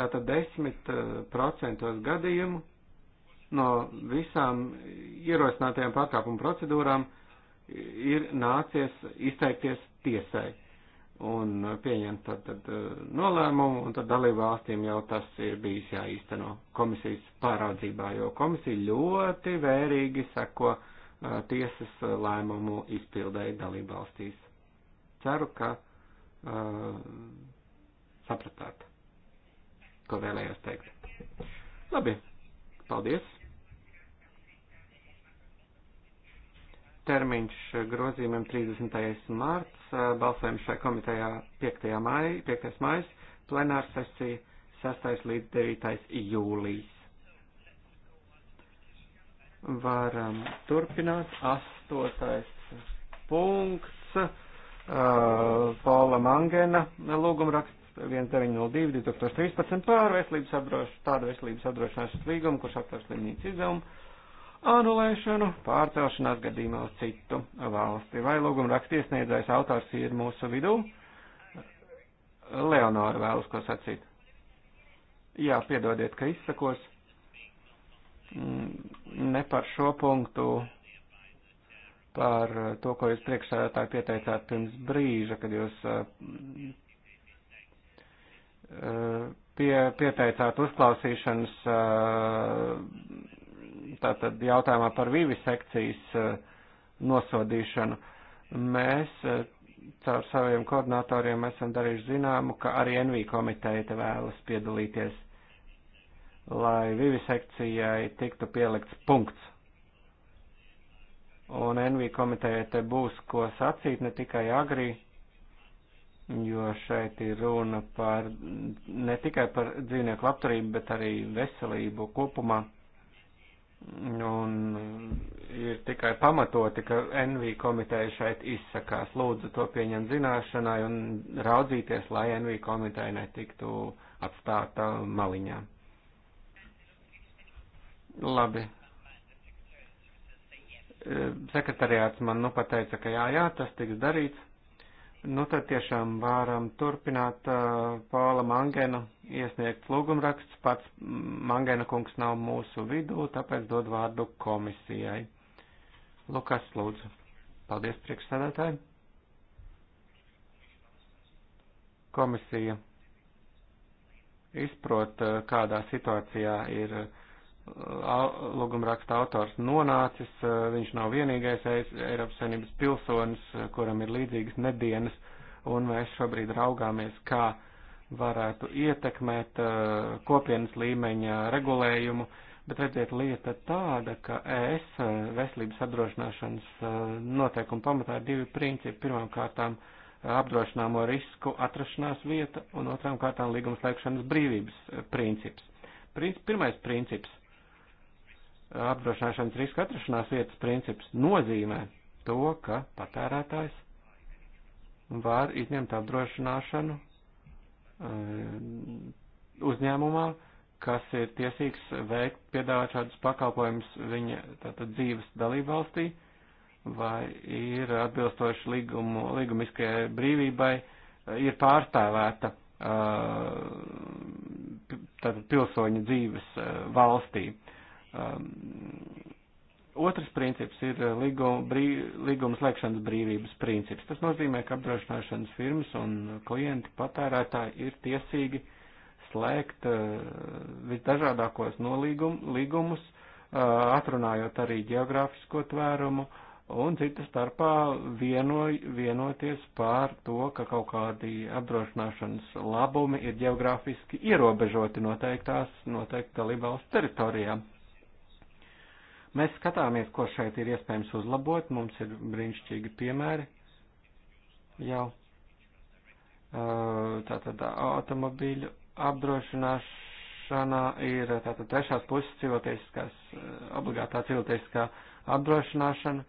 tātad 10% eh, gadījumu no visām ierosinātajām pārkāpumu procedūrām ir nācies izteikties tiesai un pieņemt tad, tad eh, nolēmumu, un tad dalībvalstīm jau tas ir bijis jāīsteno komisijas pāraudzībā, jo komisija ļoti vērīgi seko eh, tiesas lēmumu izpildēji dalībvalstīs. Ceru, ka uh, sapratāt, ko vēlējos teikt. Labi, paldies! termiņš grozījumiem 30. mārts, balsojums šai komitejā 5. Māja, 5. mājas, plenāra sesija 6. līdz 9. jūlijas. Varam turpināt. 8. punkts. Uh, Paula Mangena lūgumraksts 1902 2013 pār veselības apdroš, tādu veselības apdrošināšanas līgumu, kurš aptver slimnīcu izdevumu anulēšanu pārcelšanās gadījumā uz citu valsti. Vai lūguma rakstiesniedzējs autors ir mūsu vidū? Leonora vēlas ko sacīt. Jā, piedodiet, ka izsakos mm, ne par šo punktu, par to, ko jūs priekšsēdētāji pieteicāt pirms brīža, kad jūs mm, pie, pieteicāt uzklausīšanas mm, tātad jautājumā par vivisekcijas eh, nosodīšanu. Mēs eh, caur saviem koordinatoriem esam darījuši zināmu, ka arī NV komiteja te vēlas piedalīties, lai vivisekcijai tiktu pielikts punkts. Un NV komitejai te būs ko sacīt ne tikai agrī, jo šeit ir runa par ne tikai par dzīvnieku labturību, bet arī veselību kopumā. Un uh, ir tikai pamatoti, ka NV komiteja šeit izsakās. Lūdzu to pieņem zināšanai un raudzīties, lai NV komiteja netiktu atstāta maliņā. Labi. Uh, sekretariāts man nu pateica, ka jā, jā, tas tiks darīts nu tad tiešām varam turpināt uh, Pāla Mangena iesniegt lūgumraksts. Pats Mangena kungs nav mūsu vidū, tāpēc dod vārdu komisijai. Lukas, lūdzu. Paldies, priekšsēdētāji. Komisija izprot, kādā situācijā ir uh, lūguma raksta autors nonācis. Viņš nav vienīgais Eiropas Savienības pilsonis, kuram ir līdzīgas nedienas, un mēs šobrīd raugāmies, kā varētu ietekmēt kopienas līmeņa regulējumu. Bet redziet, lieta tāda, ka ES veselības apdrošināšanas noteikuma pamatā ir divi principi. Pirmām kārtām apdrošināmo risku atrašanās vieta un otrām kārtām līguma slēgšanas brīvības princips. Pirmais princips apdrošināšanas riska atrašanās vietas princips nozīmē to, ka patērētājs var izņemt apdrošināšanu eh, uzņēmumā, kas ir tiesīgs veikt, piedāvāt šādus pakalpojumus viņa tātad dzīves dalībvalstī, vai ir atbilstoši līgumu, līgumiskajai brīvībai, eh, ir pārstāvēta eh, tātad pilsoņa dzīves valstī. Um, otrs princips ir uh, līguma, brīv, līguma slēgšanas brīvības princips. Tas nozīmē, ka apdrošināšanas firmas un klienti patērētāji ir tiesīgi slēgt uh, visdažādākos nolīgumus, uh, atrunājot arī geogrāfisko tvērumu un cita starpā vieno, vienoties pār to, ka kaut kādi apdrošināšanas labumi ir geogrāfiski ierobežoti noteiktās, noteikti dalībvalsts teritorijām Mēs skatāmies, ko šeit ir iespējams uzlabot. Mums ir brīnišķīgi piemēri jau. Tātad automobīļu apdrošināšanā ir tātad trešās puses civiltiesiskās, obligātā civiltiesiskā apdrošināšana.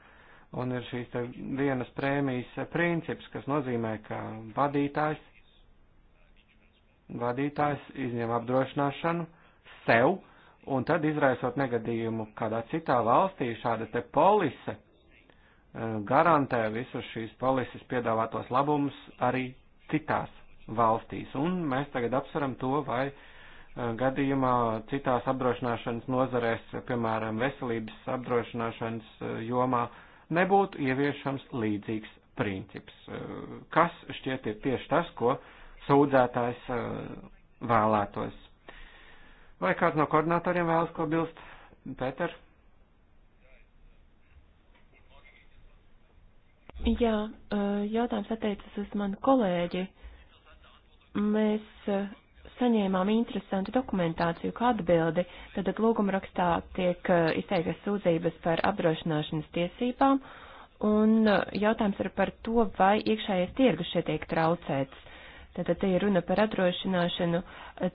Un ir šīs te vienas prēmijas princips, kas nozīmē, ka vadītājs, vadītājs izņem apdrošināšanu sev un tad izraisot negadījumu kādā citā valstī, šāda te polise eh, garantē visus šīs polises piedāvātos labumus arī citās valstīs. Un mēs tagad apsveram to, vai eh, gadījumā citās apdrošināšanas nozarēs, piemēram, veselības apdrošināšanas eh, jomā, nebūtu ieviešams līdzīgs princips, kas šķiet ir tieši tas, ko sūdzētājs vēlētos Vai kāds no koordinatoriem vēlas ko bilst? Pēter? Jā, jautājums attiecas uz manu kolēģi. Mēs saņēmām interesantu dokumentāciju kā atbildi. Tātad lūgumrakstā tiek izteiktas sūdzības par apdrošināšanas tiesībām, un jautājums ir par to, vai iekšējais tirgus šeit tiek traucēts. Tātad te ir runa par apdrošināšanu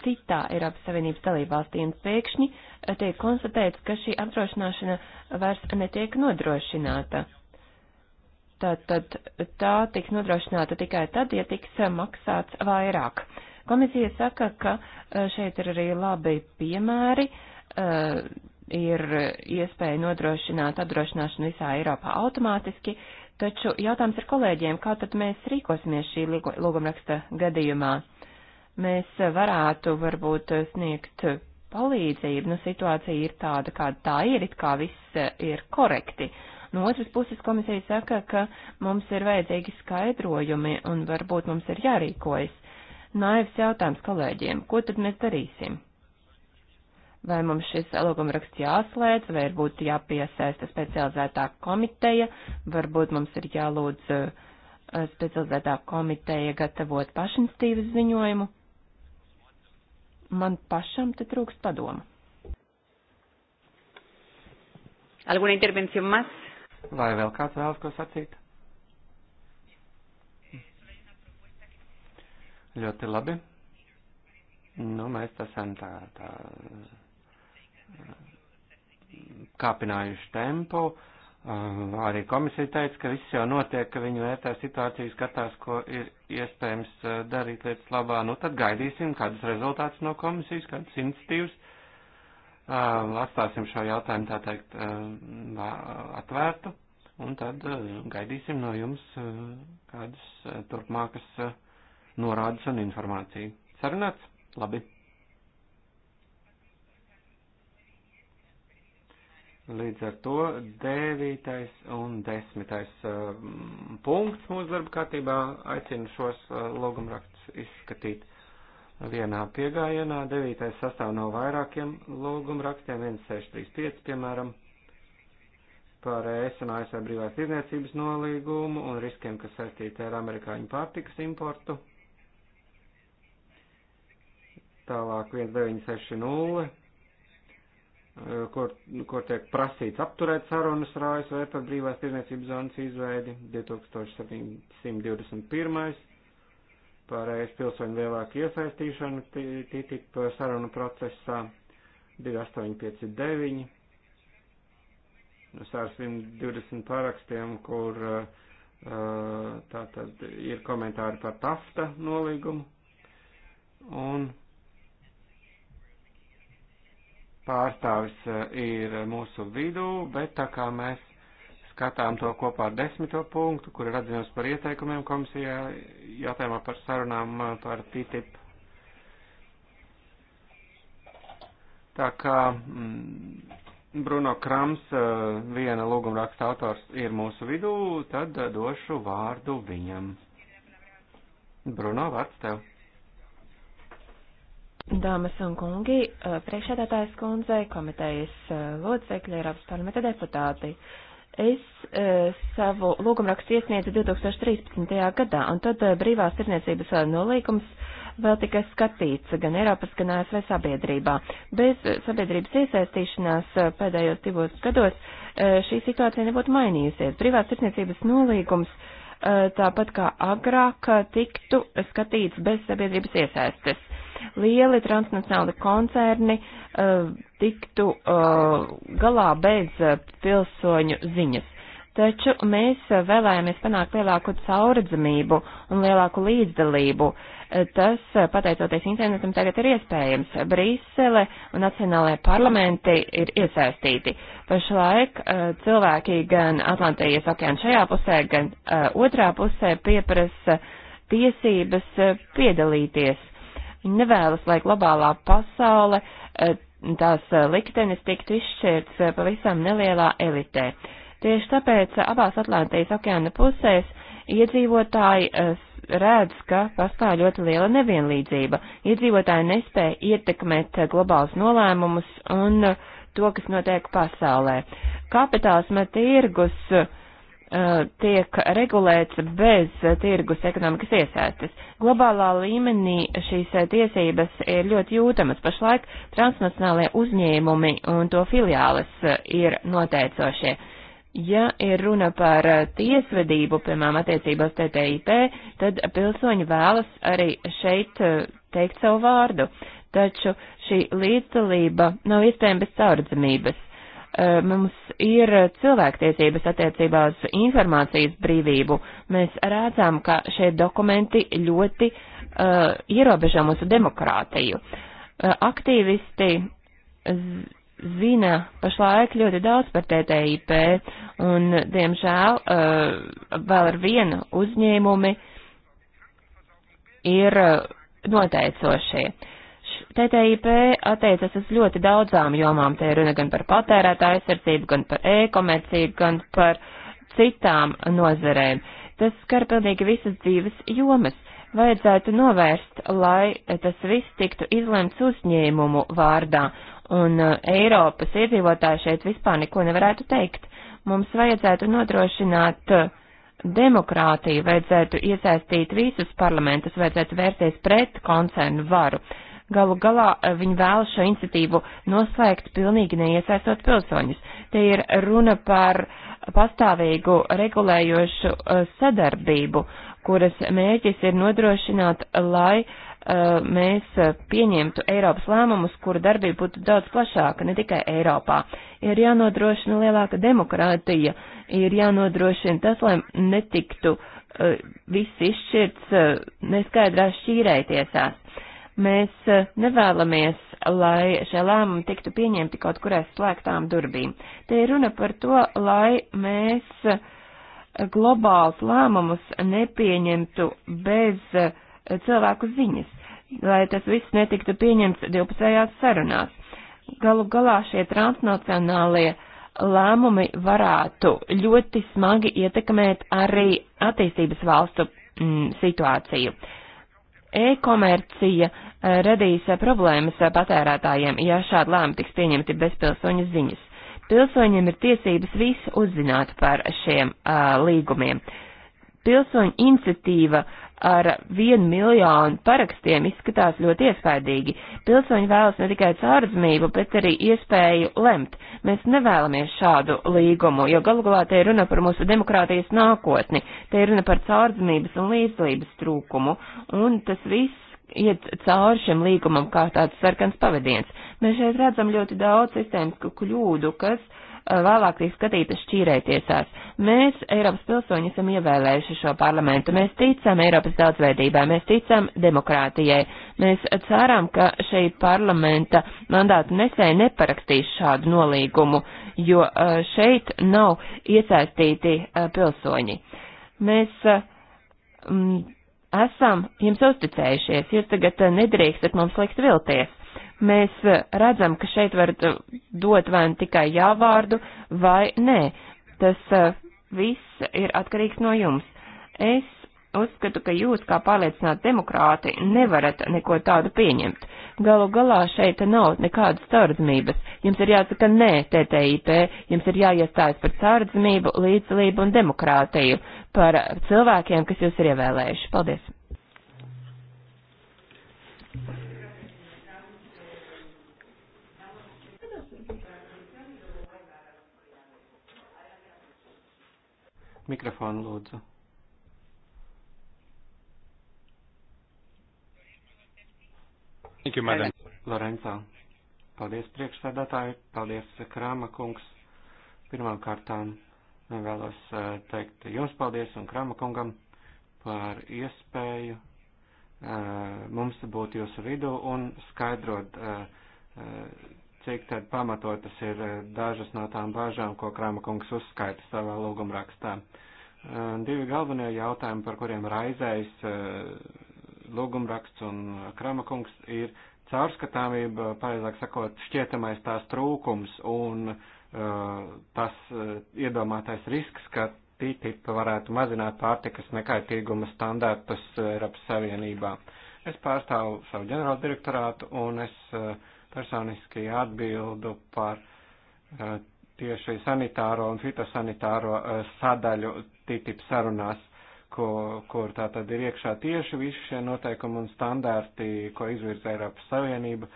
citā Eiropas Savienības dalībvalstī, un pēkšņi eh, tiek konstatēts, ka šī apdrošināšana vairs netiek nodrošināta. Tātad tā tiks nodrošināta tikai tad, ja tiks eh, maksāts vairāk. Komisija saka, ka eh, šeit ir arī labi piemēri, ir iespēja nodrošināt apdrošināšanu visā Eiropā automātiski, Taču jautājums ir kolēģiem, kā tad mēs rīkosimies šī lūgumraksta gadījumā? Mēs varētu varbūt sniegt palīdzību, nu situācija ir tāda, kāda tā ir, it kā viss ir korekti. No otras puses komisija saka, ka mums ir vajadzīgi skaidrojumi un varbūt mums ir jārīkojas. Naivs jautājums kolēģiem, ko tad mēs darīsim? vai mums šis lūguma raksts jāslēdz, vai varbūt jāpiesaista specializētā komiteja, varbūt mums ir jālūdz uh, specializētā komiteja gatavot pašinstīvas ziņojumu. Man pašam te trūkst padoma. Alguna intervencija maz? Vai vēl kāds vēlas ko sacīt? Ļoti labi. Nu, mēs esam tā, tā kāpinājuši tempu. Uh, arī komisija teica, ka viss jau notiek, ka viņi vērtē situāciju, skatās, ko ir iespējams uh, darīt lietas labā. Nu, tad gaidīsim, kādas rezultātas no komisijas, kādas iniciatīvas. Uh, atstāsim šo jautājumu, tā teikt, atvērtu. Un tad gaidīsim no jums kādas turpmākas norādes un informāciju. Sarunāts? Labi. Līdz ar to devītais un desmitais uh, punkts mūsu darba kārtībā aicinu šos uh, logumrakstus izskatīt vienā piegājienā. Devītais sastāv no vairākiem logumrakstiem, 1635, piemēram, par ES un ASV brīvās tirniecības nolīgumu un riskiem, kas saistīti ar amerikāņu pārtikas importu. Tālāk 1960 Eh, kur, kur tiek prasīts apturēt sarunas ar ASV par brīvās tirniecības zonas izveidi 2721. Pārējais pilsoņu lielāku iesaistīšanu TTIP sarunu procesā 2859. Ar 120 parakstiem, kur eh, eh, tātad ir komentāri par tafta nolīgumu. Un pārstāvis eh, ir mūsu vidū, bet tā kā mēs skatām to kopā ar desmito punktu, kur ir atzinums par ieteikumiem komisijā, jautājumā par sarunām eh, par TTIP. Tā kā mm, Bruno Krams, eh, viena lūgumraksta autors, ir mūsu vidū, tad došu vārdu viņam. Bruno, vārds tev. Dāmas un kungi, eh, priekšādātājs kundzei, komitejas eh, locekļi, Eiropas parlamenta deputāti. Es e, savu lūgumrakstu iesniedzu 2013. gadā, un tad e, brīvās tirniecības nolīkums vēl tika skatīts gan Eiropas, gan ASV sabiedrībā. Bez sabiedrības iesaistīšanās pēdējos divos gados e, šī situācija nebūtu mainījusies. Brīvās tirniecības nolīkums e, tāpat kā agrāk tiktu skatīts bez sabiedrības iesaistes lieli transnacionāli koncerni uh, tiktu uh, galā bez uh, pilsoņu ziņas. Taču mēs vēlējāmies panākt lielāku caurredzamību un lielāku līdzdalību. Tas, pateicoties internetam, tagad ir iespējams. Brīsele un nacionālajie parlamenti ir iesaistīti. Pašlaik cilvēki gan Atlantijas okeāna šajā pusē, gan otrā pusē pieprasa tiesības piedalīties Viņi nevēlas, lai globālā pasaule eh, tās eh, liktenis tiktu izšķirts eh, pavisam nelielā elitē. Tieši tāpēc abās Atlantijas okeāna pusēs iedzīvotāji redz, ka pastāv ļoti liela nevienlīdzība. Iedzīvotāji nespēja ietekmēt globālus nolēmumus un to, kas notiek pasaulē. Kapitālisma tirgus uh, Eh, tiek regulēts bez tirgus ekonomikas iesaistes. Globālā līmenī šīs eh, tiesības ir ļoti jūtamas. Pašlaik transnacionālie uzņēmumi un to filiāles eh, ir noteicošie. Ja ir runa par tiesvedību, piemēram, attiecībās TTIP, tad pilsoņi vēlas arī šeit teikt savu vārdu. Taču šī līdzdalība nav iespējama bez caurdzamības Eh, mums ir cilvēktiesības attiecībā uz informācijas brīvību. Mēs redzam, ka šie dokumenti ļoti uh, ierobežo mūsu demokrātiju. Uh, aktīvisti zina pašlaik ļoti daudz par TTIP, un, diemžēl, uh, vēl ar vienu uzņēmumi ir noteicošie. Uh, TTIP attiecas uz ļoti daudzām jomām. Te ir runa gan par patērētāju aizsardzību, gan par e-komerciju, gan par citām nozerēm. Tas skar pilnīgi visas dzīves jomas. Vajadzētu novērst, lai tas viss tiktu izlemts uzņēmumu vārdā, un uh, Eiropas iedzīvotāji šeit vispār neko nevarētu teikt. Mums vajadzētu nodrošināt uh, demokrātiju, vajadzētu iesaistīt visus parlamentus, vajadzētu vērsties pret koncernu varu. Uh, Galu galā eh, viņi vēlas šo iniciatīvu noslēgt pilnīgi neiesaistot pilsoņus. Te ir runa par pastāvīgu regulējošu eh, sadarbību, kuras mērķis ir nodrošināt, lai eh, mēs pieņemtu Eiropas lēmumus, kura darbība būtu daudz plašāka, ne tikai Eiropā. Ir jānodrošina lielāka demokrātija, ir jānodrošina tas, lai netiktu uh, viss izšķirts uh, neskaidrās šķīrētiesās. Mēs eh, nevēlamies, lai šie lēmumi tiktu pieņemti kaut kurās slēgtām durvīm. Te ir runa par to, lai mēs eh, globāls lēmumus nepieņemtu bez eh, cilvēku ziņas, lai tas viss netiktu pieņemts divpusējās sarunās. Galu galā šie transnacionālie lēmumi varētu ļoti smagi ietekmēt arī attīstības valstu mm, situāciju. E-komercija e, radīs e, problēmas e, patērētājiem, ja šādi lēmumi tiks pieņemti bez pilsoņa ziņas. Pilsoņiem ir tiesības visu uzzināt par šiem uh, līgumiem. Pilsoņu iniciatīva uh, ar vienu miljonu parakstiem izskatās ļoti iespaidīgi. Pilsoņi vēlas ne tikai caurzmību, bet arī iespēju lemt. Mēs nevēlamies šādu līgumu, jo galu galā te ir runa par mūsu demokrātijas nākotni, te ir runa par caurzmības un līdzlības trūkumu, un tas viss iet cauri šim līgumam kā tāds sarkans pavadiens. Mēs šeit redzam ļoti daudz sistēmisku kļūdu, kas uh, Eh, vēlāk tiek skatītas šķīrētiesās. Mēs, Eiropas pilsoņi, esam ievēlējuši šo parlamentu. Mēs ticam Eiropas daudzveidībai, mēs ticam demokrātijai. Mēs ceram, ka šī parlamenta mandātu nesēja neparakstīs šādu nolīgumu, jo eh, šeit nav iesaistīti eh, pilsoņi. Mēs m, esam jums uzticējušies, jūs tagad nedrīkstat mums likt vilties mēs eh, redzam, ka šeit var dot vai nu tikai jāvārdu vai nē. Tas eh, viss ir atkarīgs no jums. Es uzskatu, ka jūs, kā pārliecināti demokrāti, nevarat neko tādu pieņemt. Galu galā šeit nav nekādas caurdzamības. Jums ir jāsaka nē TTIP, jums ir jāiestājas par caurdzamību, līdzdalību un demokrātiju, par cilvēkiem, kas jūs ir ievēlējuši. Paldies! Mikrofonu lūdzu. Thank you, madam. Lorenzo. Paldies priekšsēdētāji, paldies Krāma kungs. Pirmām kārtām nu, vēlos eh, teikt jums paldies un Krāma kungam par iespēju eh, mums būt jūsu vidū un skaidrot eh, cik tad pamatotas ir eh, dažas no tām bāžām, ko Kramakungs uzskaita savā lūgumrakstā. Eh, divi galvenie jautājumi, par kuriem raizējas eh, lūgumraksts un Kramakungs, ir caurskatāmība, pareizāk sakot, šķietamais tās trūkums un tas iedomātais risks, ka TTIP varētu mazināt pārtikas nekaitīguma standartus Eiropas Savienībā. Es pārstāvu savu ģenerāldirektorātu un es uh, personiski atbildu par eh, tieši sanitāro un fitosanitāro eh, sadaļu TTIP sarunās, ko, kur tā tad ir iekšā tieši visi šie noteikumi un standārti, ko izvirza Eiropas Savienība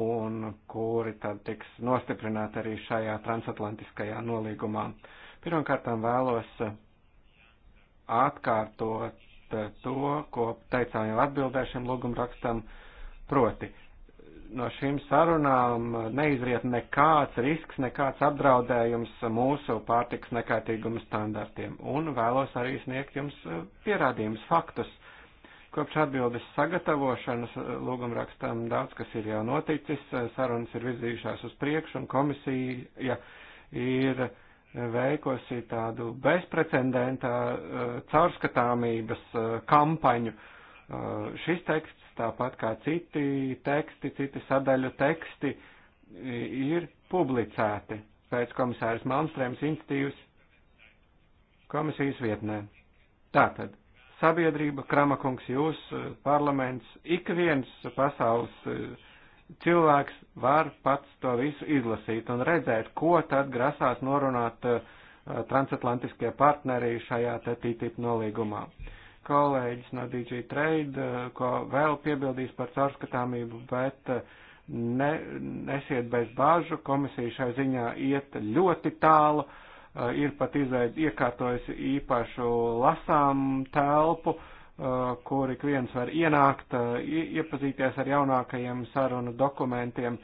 un kuri tad tiks nostiprināti arī šajā transatlantiskajā nolīgumā. Pirmkārtām vēlos eh, atkārtot to, ko teicām jau atbildēšanu lūgumrakstam, proti no šīm sarunām neizriet nekāds risks, nekāds apdraudējums mūsu pārtiks nekaitīguma standartiem. Un vēlos arī sniegt jums e, pierādījumus, faktus. Kopš atbildes sagatavošanas e, lūgumrakstam daudz kas ir jau noticis, e, sarunas ir virzījušās uz priekšu un komisija ja, ir veikusi tādu bezprecedenta caurskatāmības kampaņu. Šis teksts tāpat kā citi teksti, citi sadaļu teksti, ir publicēti pēc komisāras Malmstrēmas institīvas komisijas vietnē. Tātad, sabiedrība, Kramakungs, jūs, e, parlaments, ik viens pasaules e, cilvēks var pats to visu izlasīt un redzēt, ko tad grasās norunāt e, transatlantiskie partneri šajā te TTIP nolīgumā. Uh, kolēģis no DG Trade, eh, ko vēl piebildīs par caurskatāmību, bet eh, ne, nesiet bez bāžu, komisija šai ziņā iet ļoti tālu, eh, ir pat izveid, iekārtojusi īpašu lasām telpu, kur ik viens var ienākt, iepazīties ar jaunākajiem sarunu dokumentiem,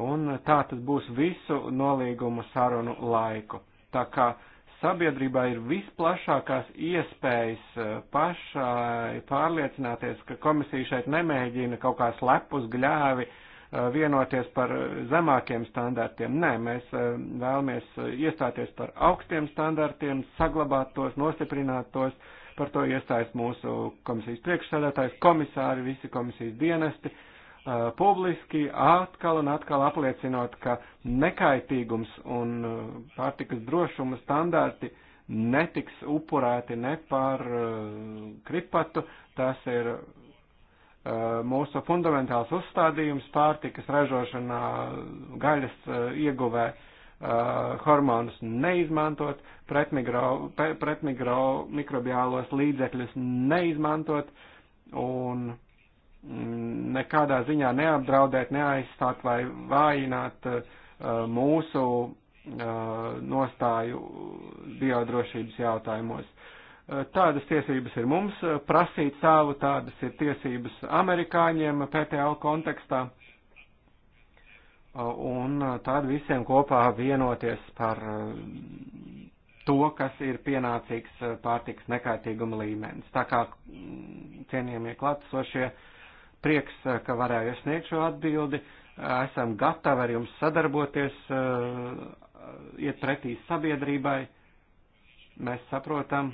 un tā tas būs visu nolīgumu sarunu laiku. Tā kā uh, sabiedrībā ir visplašākās iespējas eh, pašai pārliecināties, ka komisija šeit nemēģina kaut kā slepus gļēvi eh, vienoties par eh, zemākiem standartiem. Nē, mēs vēlamies iestāties par augstiem standartiem, saglabāt tos, nostiprināt tos. Par to iestājas mūsu komisijas priekšsēdētājs, komisāri, visi komisijas dienesti. Uh, Eh, publiski atkal un atkal apliecinot, ka nekaitīgums un eh, pārtikas drošuma standarti netiks upurēti ne par eh, kripatu, tas ir mūsu fundamentāls uzstādījums pārtikas ražošanā, gaļas ieguvē, hormonus neizmantot, pretmikro, pretmikro mikrobiālos līdzekļus neizmantot un nekādā ziņā neapdraudēt, neaizstāt vai vājināt eh, mūsu eh, nostāju biodrošības jautājumos. Eh, tādas tiesības ir mums prasīt savu, tādas ir tiesības amerikāņiem PTO kontekstā. Un tad visiem kopā vienoties par to, kas ir pienācīgs pārtiks nekaitīguma līmenis. Tā kā mm, cienījamie klātesošie. Uh, Prieks, eh, ka varēju sniegt šo atbildi. Eh, esam gatavi ar jums sadarboties, eh, iet pretī sabiedrībai. Mēs saprotam,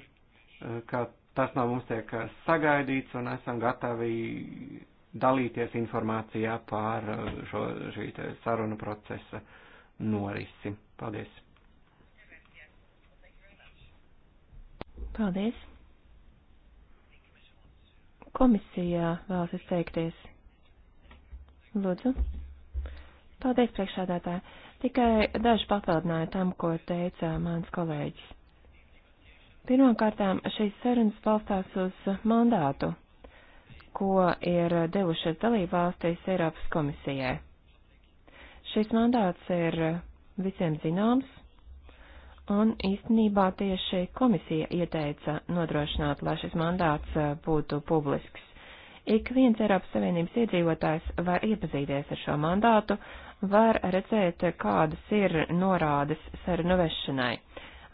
ka tas no mums tiek sagaidīts un esam gatavi dalīties informācijā par šo šī sarunu procesa norisi. Paldies! Paldies! komisijā vēlas izteikties. Lūdzu. Paldies, priekšādātāji. Tikai daži papildināja tam, ko teica mans kolēģis. Pirmkārtām, šīs sarunas balstās uz mandātu, ko ir devušas dalībvalstīs Eiropas komisijai. Šis mandāts ir visiem zināms, Un īstenībā tieši komisija ieteica nodrošināt, lai šis mandāts eh, būtu publisks. Ik viens Eiropas Savienības iedzīvotājs var iepazīties ar šo mandātu, var redzēt, kādas ir norādes sarunu vešanai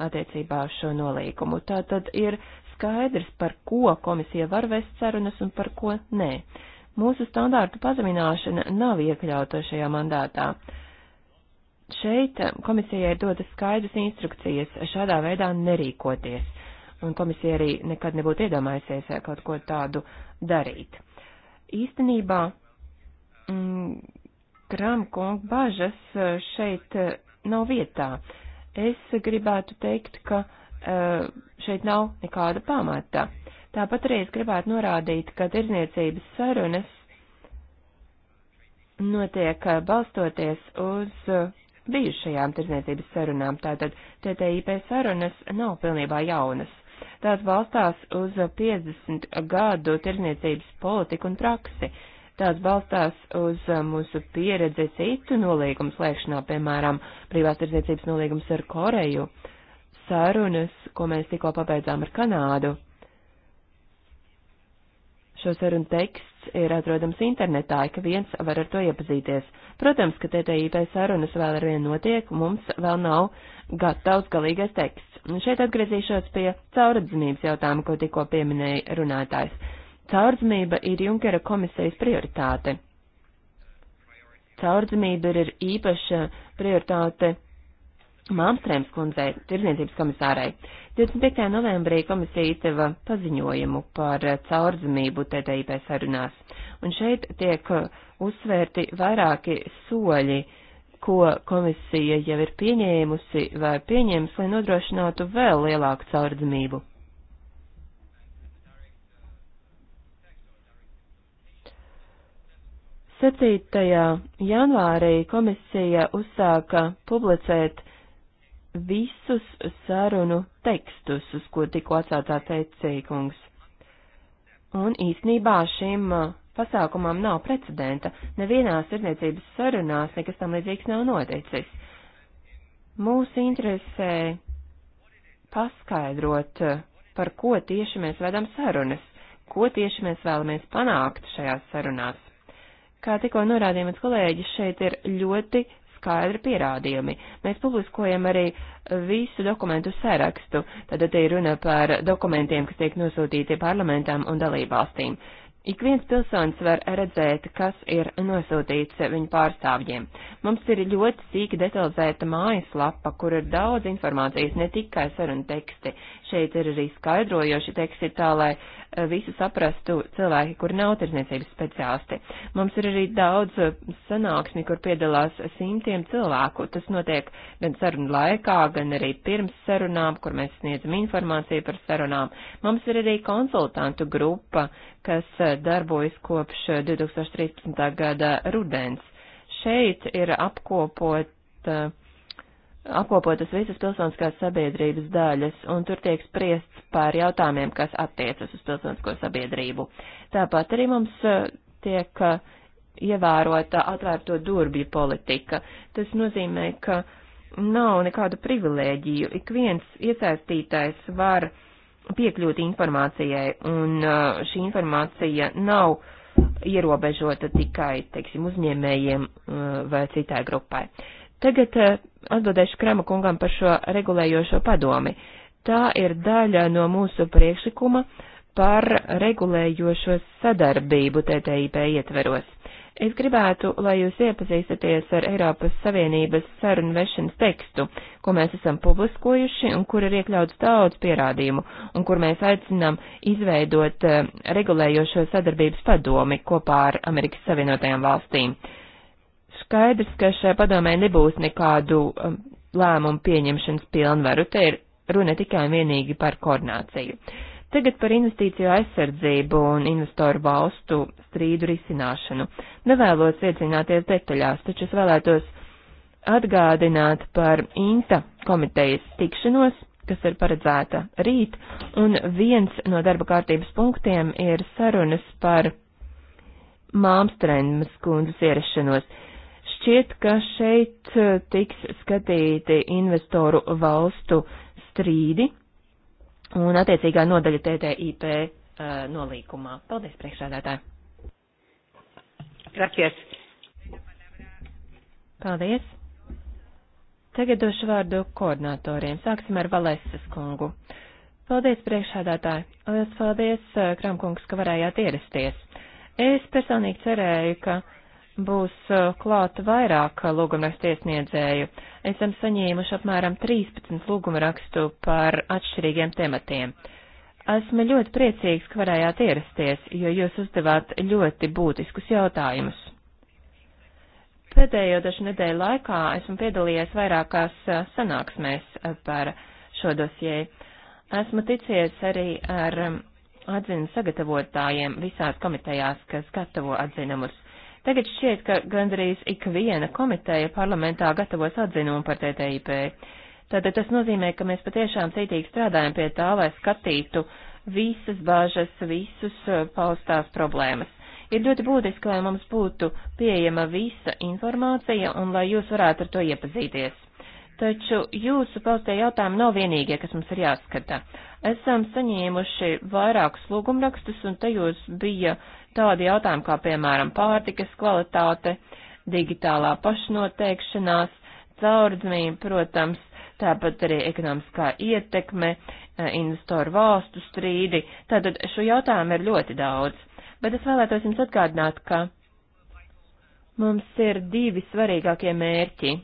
attiecībā uz šo nolīkumu. Tā tad ir skaidrs, par ko komisija var vest sarunas un par ko nē. Mūsu standārtu pazemināšana nav iekļauta šajā mandātā. Šeit komisijai dodas skaidras instrukcijas šādā veidā nerīkoties, un komisija arī nekad nebūtu iedomājusies eh, kaut ko tādu darīt. Īstenībā mm, Kramkunga bažas eh, šeit eh, nav vietā. Es gribētu teikt, ka šeit nav nekāda pamata. Tāpat arī es gribētu norādīt, ka tirzniecības sarunas notiek balstoties uz bijušajām tirzniecības sarunām, tātad TTIP sarunas nav pilnībā jaunas. Tās balstās uz 50 gadu tirzniecības politiku un praksi. Tās balstās uz um, mūsu pieredzi citu nolīgumu slēgšanā, piemēram, privās tirzniecības nolīgums ar Koreju, sarunas, ko mēs tikko pabeidzām ar Kanādu. Šo sarunu tekstu teksts ir atrodams internetā, ka viens var ar to iepazīties. Protams, ka TTIP sarunas vēl ar vienu notiek, mums vēl nav gatavs galīgais teksts. Šeit atgriezīšos pie cauradzamības jautājuma, ko tikko pieminēja runātājs. Caurdzamība ir Junkera komisijas prioritāte. Caurdzamība ir īpaša prioritāte Māmstrēms kundzei, tirzniecības komisārai. 25. novembrī komisija izdeva paziņojumu par eh, caurdzamību TTIP sarunās, un šeit tiek eh, uzsvērti vairāki soļi, ko komisija jau ir pieņēmusi vai pieņēmusi, lai nodrošinātu vēl lielāku caurdzamību. Septītajā janvārī komisija uzsāka publicēt visus sarunu tekstus, uz ko tikko atsācās teicīkungs. Un īsnībā šim uh, pasākumam nav precedenta. Nevienā sirdniecības sarunās nekas tam līdzīgs nav noticis. Mūs interesē paskaidrot, uh, par ko tieši mēs vedam sarunas, ko tieši mēs vēlamies panākt šajās sarunās. Kā tikko norādīja mans kolēģis, šeit ir ļoti skaidri pierādījumi. Mēs publiskojam arī visu dokumentu sarakstu, tad te ir runa par dokumentiem, kas tiek nosūtīti parlamentam un dalībvalstīm. Ik viens pilsonis var redzēt, kas ir nosūtīts viņu pārstāvjiem. Mums ir ļoti sīki detalizēta mājaslapa, kur ir daudz informācijas, ne tikai saruna teksti. Šeit ir arī skaidrojoši teksti tā, lai eh, visu saprastu cilvēki, kur nav tirzniecības speciālisti. Mums ir arī daudz eh, sanāksmi, kur piedalās simtiem cilvēku. Tas notiek gan sarunu laikā, gan arī pirms sarunām, kur mēs sniedzam informāciju par sarunām. Mums ir arī konsultantu grupa, kas eh, darbojas kopš 2013. gada rudens. Šeit ir apkopot uh, apkopotas visas pilsoniskās sabiedrības daļas, un tur tiek spriests par jautājumiem, kas attiecas uz pilsonisko sabiedrību. Tāpat arī mums uh, tiek uh, ievērota atvērto durvju politika. Tas nozīmē, ka nav nekādu privilēģiju. Ik viens iesaistītais var piekļūt informācijai, un uh, šī informācija nav ierobežota tikai, teiksim, uzņēmējiem vai citai grupai. Uh, Tagad eh, atbildēšu Krama kungam par šo regulējošo padomi. Tā ir daļa no mūsu priekšlikuma par regulējošo sadarbību TTIP ietveros. Es gribētu, lai jūs iepazīstaties ar Eiropas Savienības sarunu vešanas tekstu, ko mēs esam publiskojuši un kur ir iekļauts daudz pierādījumu, un kur mēs aicinām izveidot eh, regulējošo sadarbības padomi kopā ar Amerikas Savienotajām valstīm. Uh, Skaidrs, ka šai padomē nebūs nekādu um, lēmumu pieņemšanas pilnvaru, te ir runa tikai un vienīgi par koordināciju. Tagad par investīciju aizsardzību un investoru valstu strīdu risināšanu. Nevēlos iedzināties detaļās, taču es vēlētos atgādināt par INTA komitejas tikšanos, kas ir paredzēta rīt, un viens no darba kārtības punktiem ir sarunas par Māmstrēnmas kundzes ierašanos. Šķiet, ka šeit e, tiks skatīti investoru valstu strīdi un attiecīgā nodaļa TTIP uh, e, nolīkumā. Paldies, priekšsēdētāji! Gracias. Paldies. Tagad došu vārdu koordinatoriem. Sāksim ar Valēsas kungu. Paldies, priekšādātāji. Lielas paldies, e, Kramkungs, ka varējāt ierasties. Es personīgi cerēju, ka būs uh, klāt vairāk uh, lūgumrakstu iesniedzēju. Esam saņēmuši apmēram 13 lūgumrakstu par atšķirīgiem tematiem. Esmu ļoti priecīgs, ka varējāt ierasties, jo jūs uzdevāt ļoti būtiskus jautājumus. Pēdējo dažu nedēļu laikā esmu piedalījies vairākās uh, sanāksmēs par šo dosieju. Esmu ticies arī ar um, atzinu sagatavotājiem visās komitejās, kas gatavo atzinumus. Tagad šķiet, ka gandrīz ikviena komiteja parlamentā gatavos atzinumu par TTIP. Tātad tas nozīmē, ka mēs patiešām cītīgi strādājam pie tā, lai skatītu visas bāžas, visus eh, paustās problēmas. Ir ļoti būtiski, lai mums būtu pieejama visa informācija un lai jūs varētu ar to iepazīties. Taču jūsu paustie jautājumi nav vienīgie, kas mums ir jāskata. Esam saņēmuši vairākus lūgumrakstus, un tajos bija uh, tādi jautājumi kā, piemēram, pārtikas kvalitāte, digitālā pašnoteikšanās, caurdzmība, protams, tāpat arī ekonomiskā ietekme, eh, investoru valstu strīdi. Tātad šo jautājumu ir ļoti daudz. Bet es vēlētos jums atgādināt, ka mums ir divi svarīgākie mērķi.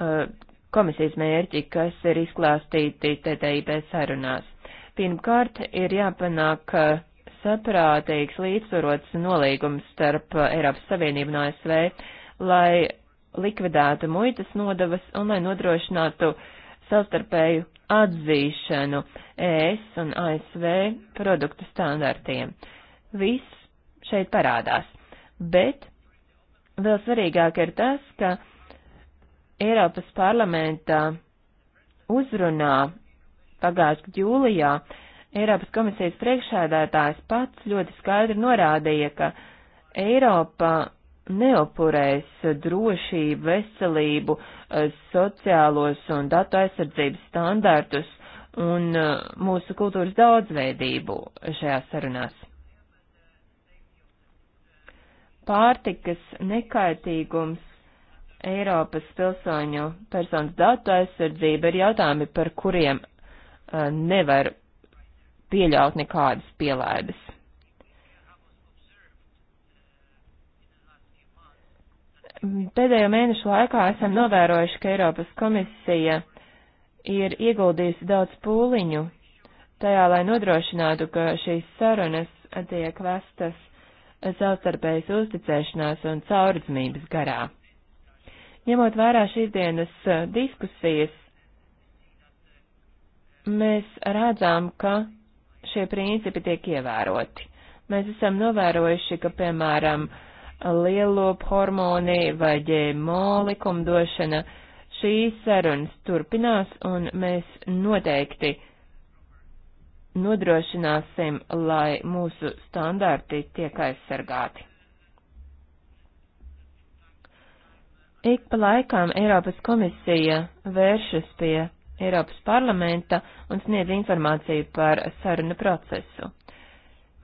Eh, komisijas mērķi, kas ir izklāstīti TTIP sarunās. Pirmkārt, ir jāpanāk uh, saprātīgs, līdzsvarots nolīgums starp uh, Eiropas Savienību un no ASV, lai likvidētu muitas nodavas un lai nodrošinātu savstarpēju atzīšanu ES un ASV produktu standartiem. Viss šeit parādās. Bet vēl svarīgāk ir tas, ka Eiropas parlamentā uzrunā pagājušajā jūlijā uh, Eiropas komisijas priekšsēdētājs pats ļoti skaidri norādīja, ka Eiropa neopurēs drošību, veselību, eh, sociālos un datu aizsardzības standārtus un eh, mūsu kultūras daudzveidību šajās sarunās. Pārtikas nekaitīgums Eiropas pilsoņu personas datu aizsardzība ir jautājumi, par kuriem eh, nevar pieļaut nekādas pielaides. Pēdējo mēnešu laikā esam novērojuši, ka Eiropas komisija ir ieguldījusi daudz pūliņu tajā, lai nodrošinātu, ka šīs sarunas tiek vestas savstarpējas uzticēšanās un caurdzmības garā. Ņemot vērā šīs dienas uh, diskusijas, mēs redzam, ka šie principi tiek ievēroti. Mēs esam novērojuši, ka, piemēram, lielopu hormoni vai ģēmo likumdošana, šīs sarunas turpinās un mēs noteikti nodrošināsim, lai mūsu standarti tiek aizsargāti. Ik pa laikām Eiropas komisija vēršas pie Eiropas parlamenta un sniedz informāciju par sarunu procesu.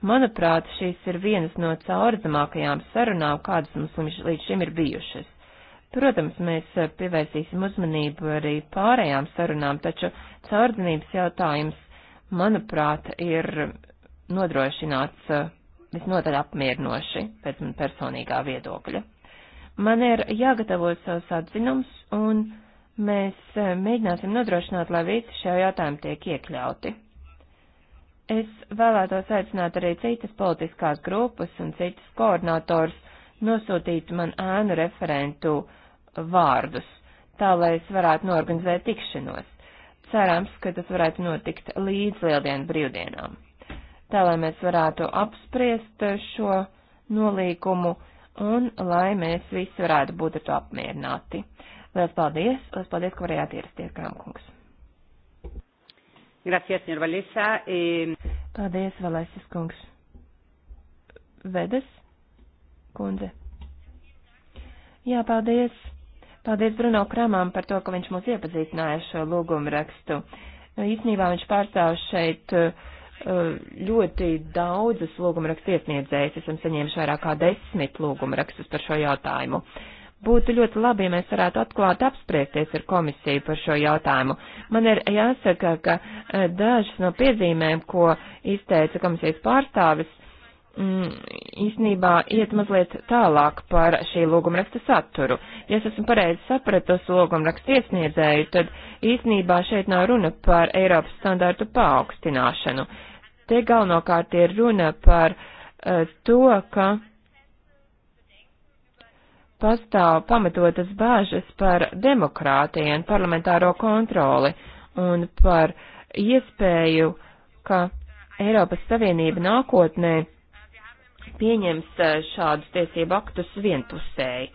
Manuprāt, šīs ir vienas no caurzemākajām sarunām, kādas mums līdz šim ir bijušas. Protams, mēs pievērsīsim uzmanību arī pārējām sarunām, taču caurdzamības jautājums, manuprāt, ir nodrošināts eh, visnotaļ apmierinoši pēc man personīgā viedokļa. Man ir jāgatavo savs atzinums un Mēs e, mēģināsim nodrošināt, lai visi šie jautājumi tiek iekļauti. Es vēlētos aicināt arī citas politiskās grupas un citas koordinators nosūtīt man ēnu referentu vārdus, tā lai es varētu norganizēt tikšanos. Cerams, ka tas varētu notikt līdz lieldienu brīvdienām. Tā lai mēs varētu apspriest šo nolīkumu un lai mēs visi varētu būt ar to apmierināti. Lielas paldies! Lielas paldies, ka varējāt ierasties, Kraunkungs! Gracias, señor Valesa. E... Paldies, Valēsis kungs. Vedes kundze. Jā, paldies. Paldies Bruno Kramām par to, ka viņš mūs iepazīstināja šo lūgumu rakstu. Īsnībā viņš pārstāv šeit eh, ļoti daudzas lūgumu rakstu iesniedzējas. Esam saņēmuši vairāk kā desmit lūgumu rakstus par šo jautājumu. Uh, Būtu ļoti labi, ja mēs varētu atklāt apspriesties ar komisiju par šo jautājumu. Man ir jāsaka, ka e, dažas no piezīmēm, ko izteica komisijas pārstāvis, mm, īsnībā iet mazliet tālāk par šī lūgumraksta saturu. Ja es esmu pareizi sapratusi lūgumraksta iesniedzēju, tad īsnībā šeit nav runa par Eiropas standārtu paaugstināšanu. Te galvenokārt ir runa par uh, to, ka uh, pastāv pamatotas bāžas par demokrātiju un parlamentāro kontroli un par iespēju, ka Eiropas Savienība nākotnē pieņems eh, šādus tiesību aktus vienpusēji.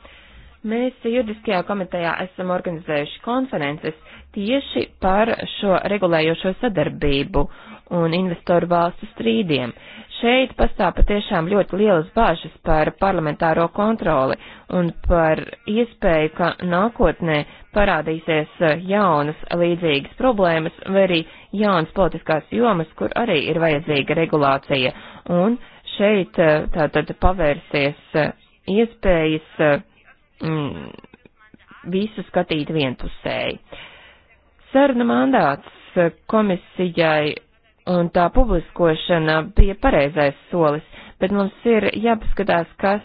Mēs juridiskajā komitejā esam organizējuši konferences tieši par šo regulējošo sadarbību un investoru valstu strīdiem. Šeit pastāv patiešām ļoti lielas bāžas par parlamentāro kontroli un par iespēju, ka nākotnē parādīsies eh, jaunas līdzīgas problēmas vai arī jaunas politiskās jomas, kur arī ir vajadzīga regulācija. Un šeit eh, tātad pavērsies eh, iespējas mm, visu skatīt vienpusēji. Saruna mandāts komisijai un tā publiskošana bija pareizais solis, bet mums ir jāpaskatās, kas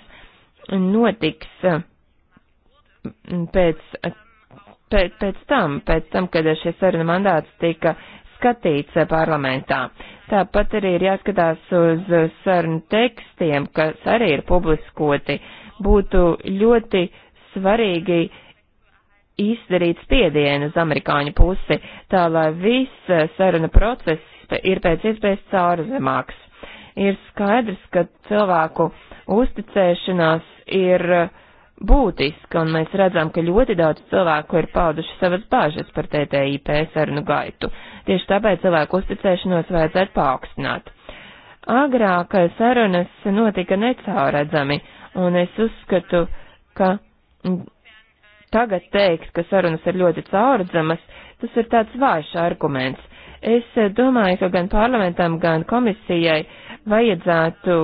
notiks eh, pēc, pēc, pēc tam, pēc tam, kad šie saruna mandāts tika skatīts eh, parlamentā. Tāpat arī ir jāskatās uz sarunu tekstiem, kas arī ir publiskoti. Būtu ļoti svarīgi izdarīt spiedienu uz amerikāņu pusi, tā lai viss eh, saruna process ir pēc iespējas caurzemāks. Ir skaidrs, ka cilvēku uzticēšanās ir būtiska, un mēs redzam, ka ļoti daudz cilvēku ir pauduši savas bāžas par TTIP sarunu gaitu. Tieši tāpēc cilvēku uzticēšanos vajadzētu paaugstināt. Agrāk sarunas notika necauredzami, un es uzskatu, ka tagad teikt, ka sarunas ir ļoti cauredzamas, tas ir tāds vājš arguments. Es domāju, ka gan parlamentam, gan komisijai vajadzētu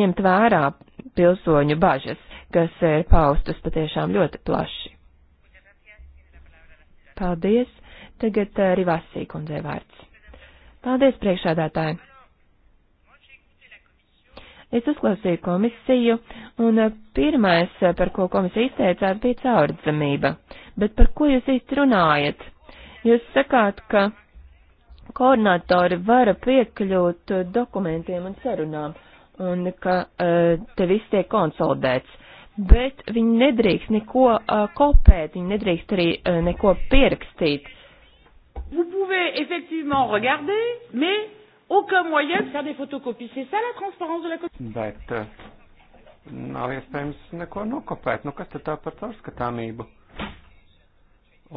ņemt vērā pilsoņu bažas, kas ir paustas patiešām ļoti plaši. Paldies. Tagad eh, Rivasī kundzei vārds. Paldies, priekšādātāji. Es uzklausīju komisiju, un eh, pirmais, eh, par ko komisija izteicās, bija caurdzamība. Bet par ko jūs īsti runājat? Jūs sakāt, ka koordinatori vara piekļūt uh, dokumentiem un sarunām, un ka uh, te viss tiek konsolidēts. Bet viņi nedrīkst neko uh, kopēt, viņi nedrīkst arī neko pierakstīt. Vous pouvez effectivement regarder, mais aucun moyen de faire des photocopies. C'est ça la transparence de la copie. Bet, uh, nav iespējams neko nokopēt. Nu, kas tad tā par caurskatāmību?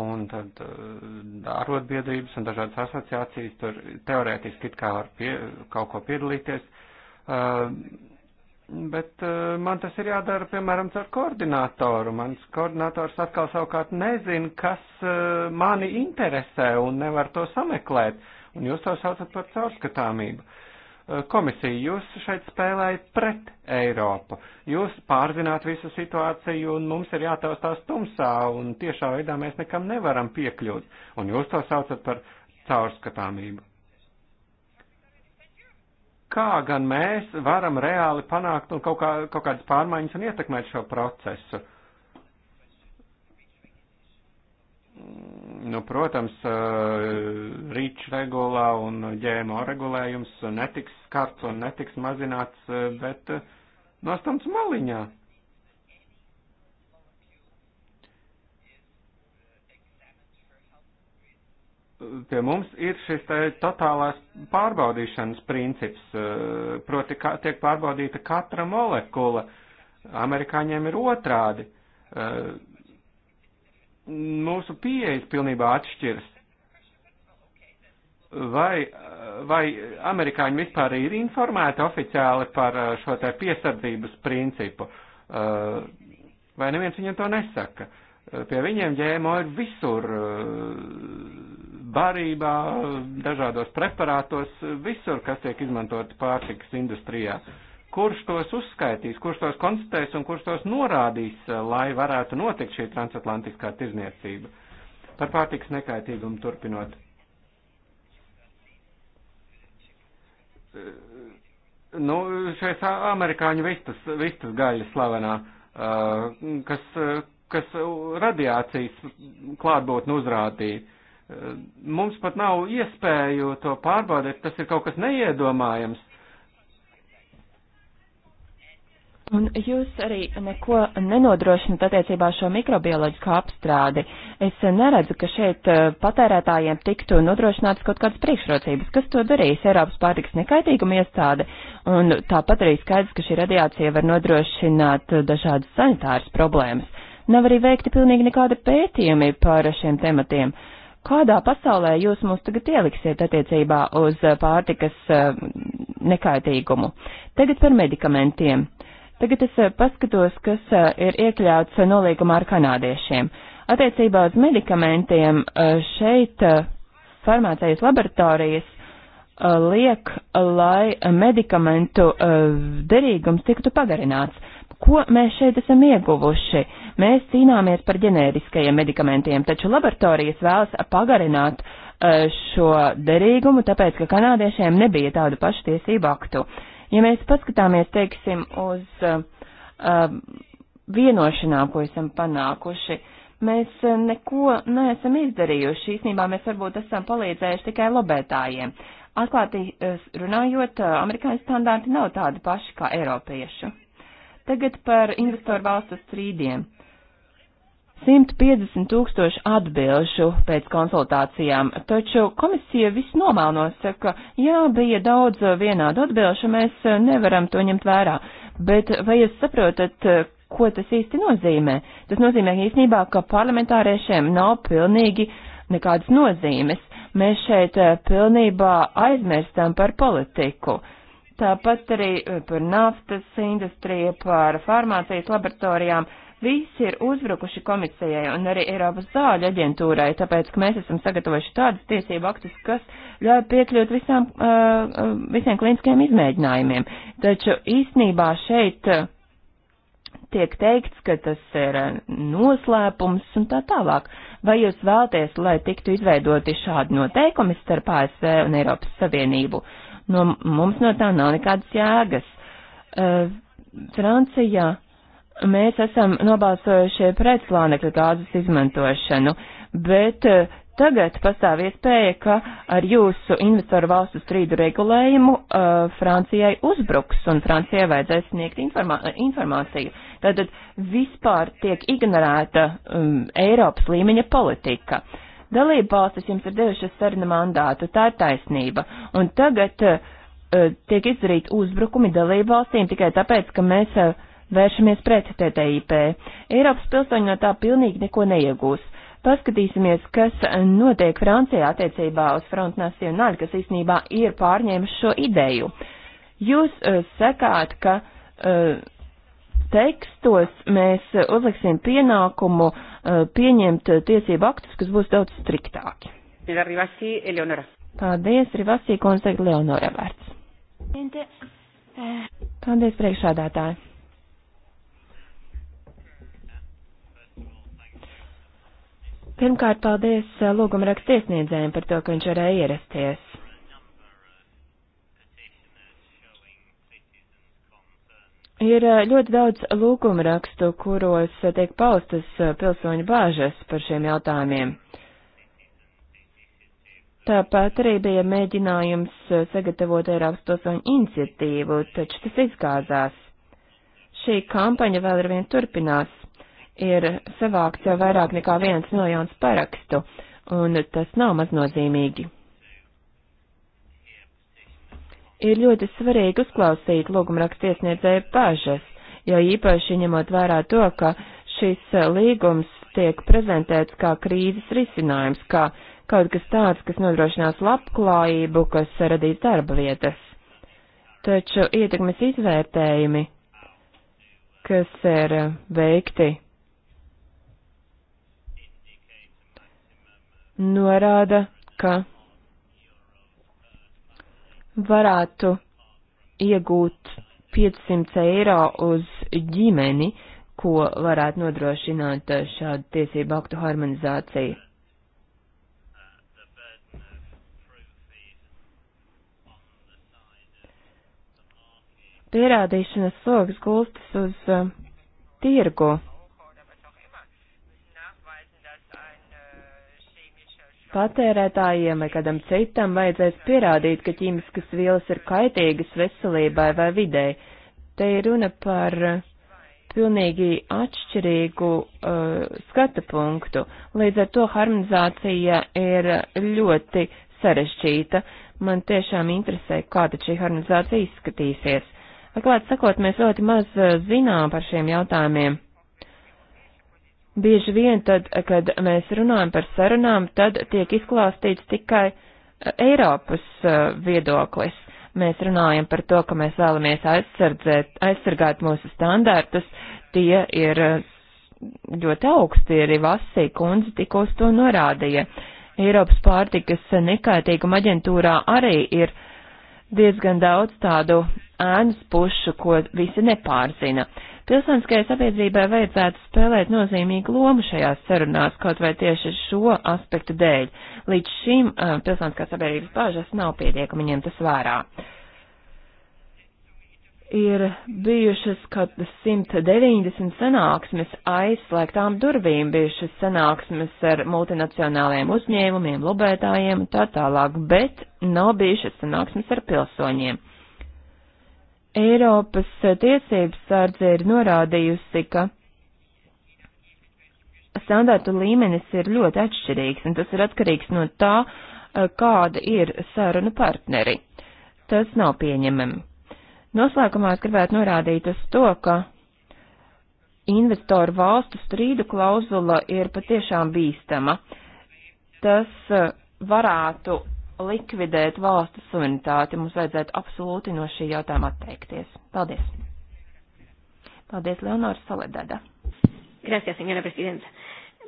un tad eh, arotbiedrības un dažādas asociācijas tur teorētiski it kā var pie, kaut ko piedalīties, eh, bet eh, man tas ir jādara, piemēram, caur koordinātoru. Mans koordinātors atkal savukārt nezin, kas mani interesē un nevar to sameklēt, un jūs to saucat par caurskatāmību. Eh, komisija, jūs šeit spēlējat pret Eiropu. Jūs pārzināt visu situāciju un mums ir jātaustās tumsā un tiešā veidā mēs nekam nevaram piekļūt. Un jūs to saucat par caurskatāmību. Kā gan mēs varam reāli panākt un kaut, kā, kaut kādas pārmaiņas un ietekmēt šo procesu? Nu, protams, eh, rīču regulā un ģēmo regulējums netiks skarts un netiks mazināts, eh, bet eh, nostams maliņā. pie mums ir šis totālās pārbaudīšanas princips, proti kā, tiek pārbaudīta katra molekula. Amerikāņiem ir otrādi mūsu pieejas pilnībā atšķiras. Vai, vai amerikāņi vispār ir informēti oficiāli par uh, šo te piesardzības principu? Uh, vai neviens viņam to nesaka? Uh, pie viņiem ģēmo ir visur, barībā, dažādos preparātos, visur, kas tiek izmantoti pārtikas industrijā. Uh, kurš tos uzskaitīs, kurš tos konstatēs un kurš tos norādīs, eh, lai varētu notikt šī transatlantiskā tirzniecība. Par pārtiks nekaitīgumu turpinot. Eh, nu, šais amerikāņu vistas, vistas gaļa slavenā, eh, kas, kas radiācijas klātbūtni uzrādīja mums pat nav iespēju to pārbaudīt, tas ir kaut kas neiedomājams. Un jūs arī neko nenodrošinat attiecībā šo mikrobioloģisko apstrādi. Es neredzu, ka šeit eh, patērētājiem tiktu nodrošinātas kaut kādas priekšrocības. Kas to darīs? Eiropas pārtiks nekaitīguma iestāde. Un tāpat arī skaidrs, ka šī radiācija var nodrošināt dažādas sanitāras problēmas. Nav arī veikti pilnīgi nekādi pētījumi par šiem tematiem. Kādā pasaulē jūs mūs tagad ieliksiet attiecībā uz pārtikas eh, nekaitīgumu? Tagad par medikamentiem. Tagad es eh, paskatos, kas eh, ir iekļauts eh, nolīgumā ar kanādiešiem. Attiecībā uz medikamentiem šeit farmācijas laboratorijas liek, lai medikamentu derīgums tiktu pagarināts. Ko mēs šeit esam ieguvuši? Mēs cīnāmies par ģenēriskajiem medikamentiem, taču laboratorijas vēlas pagarināt šo derīgumu, tāpēc, ka kanādiešiem nebija tādu pašu tiesību aktu. Uh, Ja mēs paskatāmies, teiksim, uz uh, uh, vienošanām, ko esam panākuši, mēs uh, neko neesam izdarījuši. Īsnībā mēs varbūt esam palīdzējuši tikai lobētājiem. Atklāti uh, runājot, uh, amerikāņu standarti nav tādi paši kā eiropiešu. Tagad par investoru valstu strīdiem. 150 tūkstoši atbilžu pēc konsultācijām, taču komisija viss nomēlno saka, jā, bija daudz vienādu atbilžu, mēs nevaram to ņemt vērā. Bet vai jūs saprotat, ko tas īsti nozīmē? Tas nozīmē īstenībā, ka parlamentāriešiem nav pilnīgi nekādas nozīmes. Mēs šeit eh, pilnībā aizmirstam par politiku. Tāpat arī eh, par naftas industriju, par farmācijas laboratorijām Visi ir uzbrukuši komisijai un arī Eiropas zāļu aģentūrai, tāpēc, ka mēs esam sagatavojuši tādas tiesību aktus, kas ļauj piekļūt visām, uh, uh visiem klīniskiem izmēģinājumiem. Taču īsnībā šeit uh, tiek teikts, ka tas ir uh, noslēpums un tā tālāk. Vai jūs vēlaties, lai tiktu izveidoti šādi noteikumi starp ASV un Eiropas Savienību? No, nu, mums no tā nav nekādas jēgas. Uh, Francijā uh, mēs esam nobalsojušie pret slānekļa gāzes izmantošanu, bet eh, tagad pastāv iespēja, ka ar jūsu investoru valstu strīdu regulējumu uh, Francijai uzbruks un Francijai vajadzēs sniegt informā informāciju. Tātad vispār tiek ignorēta um, Eiropas līmeņa politika. Dalība valstis jums ir devušas saruna mandātu, tā ir taisnība. Un tagad uh, tiek izdarīti uzbrukumi dalību valstīm tikai tāpēc, ka mēs uh, vēršamies pret TTIP. Eiropas pilsoņi no tā pilnīgi neko neiegūs. Paskatīsimies, kas notiek Francijā attiecībā uz Front National, kas īstenībā ir pārņēmis šo ideju. Jūs uh, sakāt, ka uh, tekstos mēs uzliksim pienākumu uh, pieņemt tiesību aktus, kas būs daudz striktāki. Rivasi, Paldies, Rivasī, konsekta Leonora vērts. Paldies, priekšādātāji. Pirmkārt, paldies eh, lūguma rakstiesniedzējiem par to, ka viņš varēja ierasties. Ir eh, ļoti daudz lūguma rakstu, kuros eh, tiek paustas pilsoņu bāžas par šiem jautājumiem. Tāpat arī bija mēģinājums sagatavot Eiropas pilsoņu iniciatīvu, taču tas izgāzās. Šī kampaņa vēl ar vien turpinās ir savākts jau vairāk nekā viens miljons parakstu, un tas nav maznozīmīgi. Ir ļoti svarīgi uzklausīt lūgumrakstu iesniedzēju pažas, jo īpaši ņemot vērā to, ka šis līgums tiek prezentēts kā krīzes risinājums, kā kaut kas tāds, kas nodrošinās labklājību, kas radīs darba vietas. Taču ietekmes izvērtējumi, kas ir veikti norāda, ka varētu iegūt 500 eiro uz ģimeni, ko varētu nodrošināt šādu tiesību aktu harmonizāciju. Pierādīšanas sloks gulstas uz uh, tirgu. patērētājiem vai kādam citam vajadzēs pierādīt, ka ķīmiskas vielas ir kaitīgas veselībai vai videi. Te ir runa par uh, pilnīgi atšķirīgu uh, skatu punktu. Līdz ar to harmonizācija ir ļoti sarežģīta. Man tiešām interesē, kāda šī harmonizācija izskatīsies. Atklāt sakot, mēs ļoti maz uh, zinām par šiem jautājumiem. Bieži vien tad, kad mēs runājam par sarunām, tad tiek izklāstīts tikai e, Eiropas e, viedoklis. Mēs runājam par to, ka mēs vēlamies aizsardzēt, aizsargāt mūsu standārtus, tie ir e, ļoti augsti, arī Vasī kundze tikko uz to norādīja. Eiropas pārtikas nekaitīguma aģentūrā arī ir diezgan daudz tādu ēnas pušu, ko visi nepārzina. Uh, Pilsoniskajai sabiedrībai vajadzētu spēlēt nozīmīgu lomu šajās sarunās, kaut vai tieši šo aspektu dēļ. Līdz šim uh, pilsoniskās sabiedrības bāžas nav pietiekami ņemtas vērā. Ir bijušas kaut 190 sanāksmes aizslēgtām durvīm, bijušas sanāksmes ar multinacionāliem uzņēmumiem, lobētājiem un tā tālāk, bet nav bijušas sanāksmes ar pilsoņiem. Eiropas tiesības sārdze ir norādījusi, ka standārtu līmenis ir ļoti atšķirīgs, un tas ir atkarīgs no tā, eh, kāda ir saruna partneri. Tas nav pieņemami. Noslēgumā es gribētu norādīt uz to, ka investoru valstu strīdu klauzula ir patiešām bīstama. Tas eh, varētu likvidēt valstu suverenitāti. Mums vajadzētu absolūti no šī jautājuma atteikties. Paldies. Paldies, Leonora Soledada. Gracias, señora presidenta.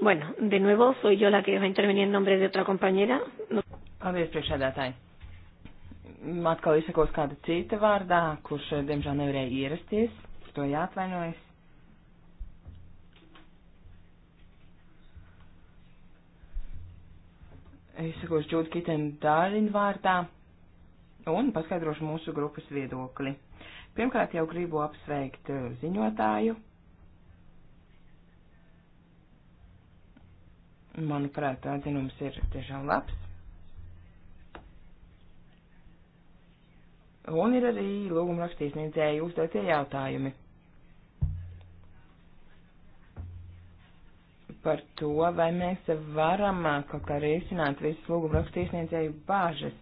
Bueno, de nuevo soy yo la que va a intervenir en nombre de otra compañera. No... Paldies, priekšsēdētāji. Atkal izsakos kāda cita vārdā, kurš, diemžēl, nevarēja ierasties. Par to jāatvainojas. izsakošu Džūdu Kitenu Dārinu vārdā un paskaidrošu mūsu grupas viedokli. Pirmkārt jau gribu apsveikt eh, ziņotāju. Manuprāt, atzinums ir tiešām labs. Un ir arī lūguma rakstīsniedzēju uzdotie jautājumi. par to, vai mēs varam uh, kaut kā arī izcināt visas lūguma rakstu iesniedzēju bāžas.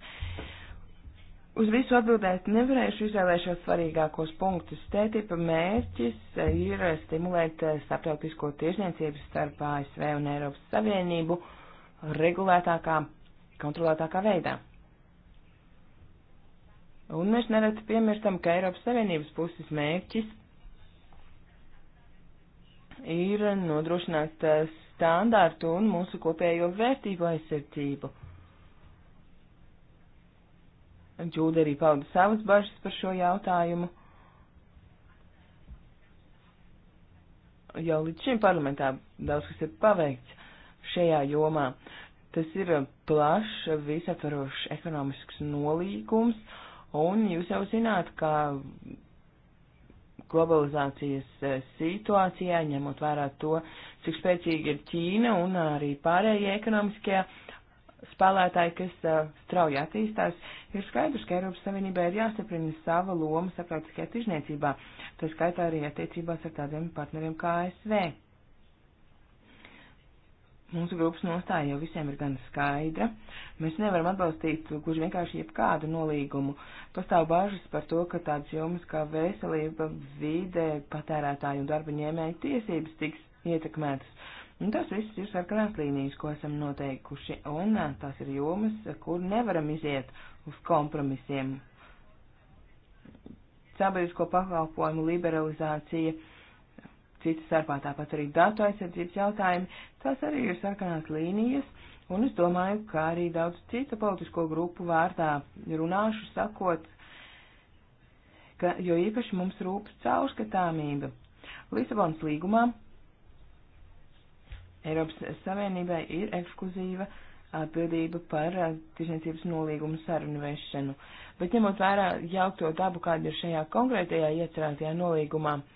Uz visu atbildēt nevarēšu izvēlēt šos svarīgākos punktus. Tētipa mērķis uh, ir stimulēt uh, starptautisko tiešniecību starp ASV un Eiropas Savienību regulētākā, kontrolētākā veidā. Un mēs nereti piemirstam, ka Eiropas Savienības puses mērķis ir nodrošināt eh, standārtu un mūsu kopējo vērtību aizsardzību. Džūda arī pauda savas bažas par šo jautājumu. Jau līdz šim parlamentā daudz kas ir paveikts šajā jomā. Tas ir plašs, visaptvarošs ekonomisks nolīgums, un jūs jau zināt, ka globalizācijas eh, situācijā, ņemot vērā to, cik spēcīgi ir Ķīna un arī pārējie ekonomiskie spēlētāji, kas uh, strauji attīstās, ir skaidrs, ka Eiropas Savienībai ir jāstiprina sava loma starptautiskajā tirzniecībā, tā skaitā arī attiecībās ar tādiem partneriem kā ASV. Mūsu grupas nostāja jau visiem ir gan skaidra. Mēs nevaram atbalstīt gluži vienkārši jebkādu nolīgumu. Pastāv bažas par to, ka tādas jomas kā veselība, vide, patērētāju un darba ņēmēju tiesības tiks ietekmētas. Un tas viss ir sarkanās līnijas, ko esam noteikuši, un tās ir jomas, kur nevaram iziet uz kompromisiem. Sabiedrisko pakalpojumu liberalizācija citas starpā tāpat arī datu aizsardzības jautājumi, tās arī ir sarkanās līnijas, un es domāju, ka arī daudz citu politisko grupu vārtā runāšu sakot, ka, jo īpaši mums rūp caurskatāmība. Lisabonas līgumā Eiropas Savienībai ir ekskluzīva atbildība par eh, tirsniecības nolīgumu sarunu vešanu, bet ņemot vērā jaukto dabu, kāda ir šajā konkrētajā iecerētajā nolīgumā, uh,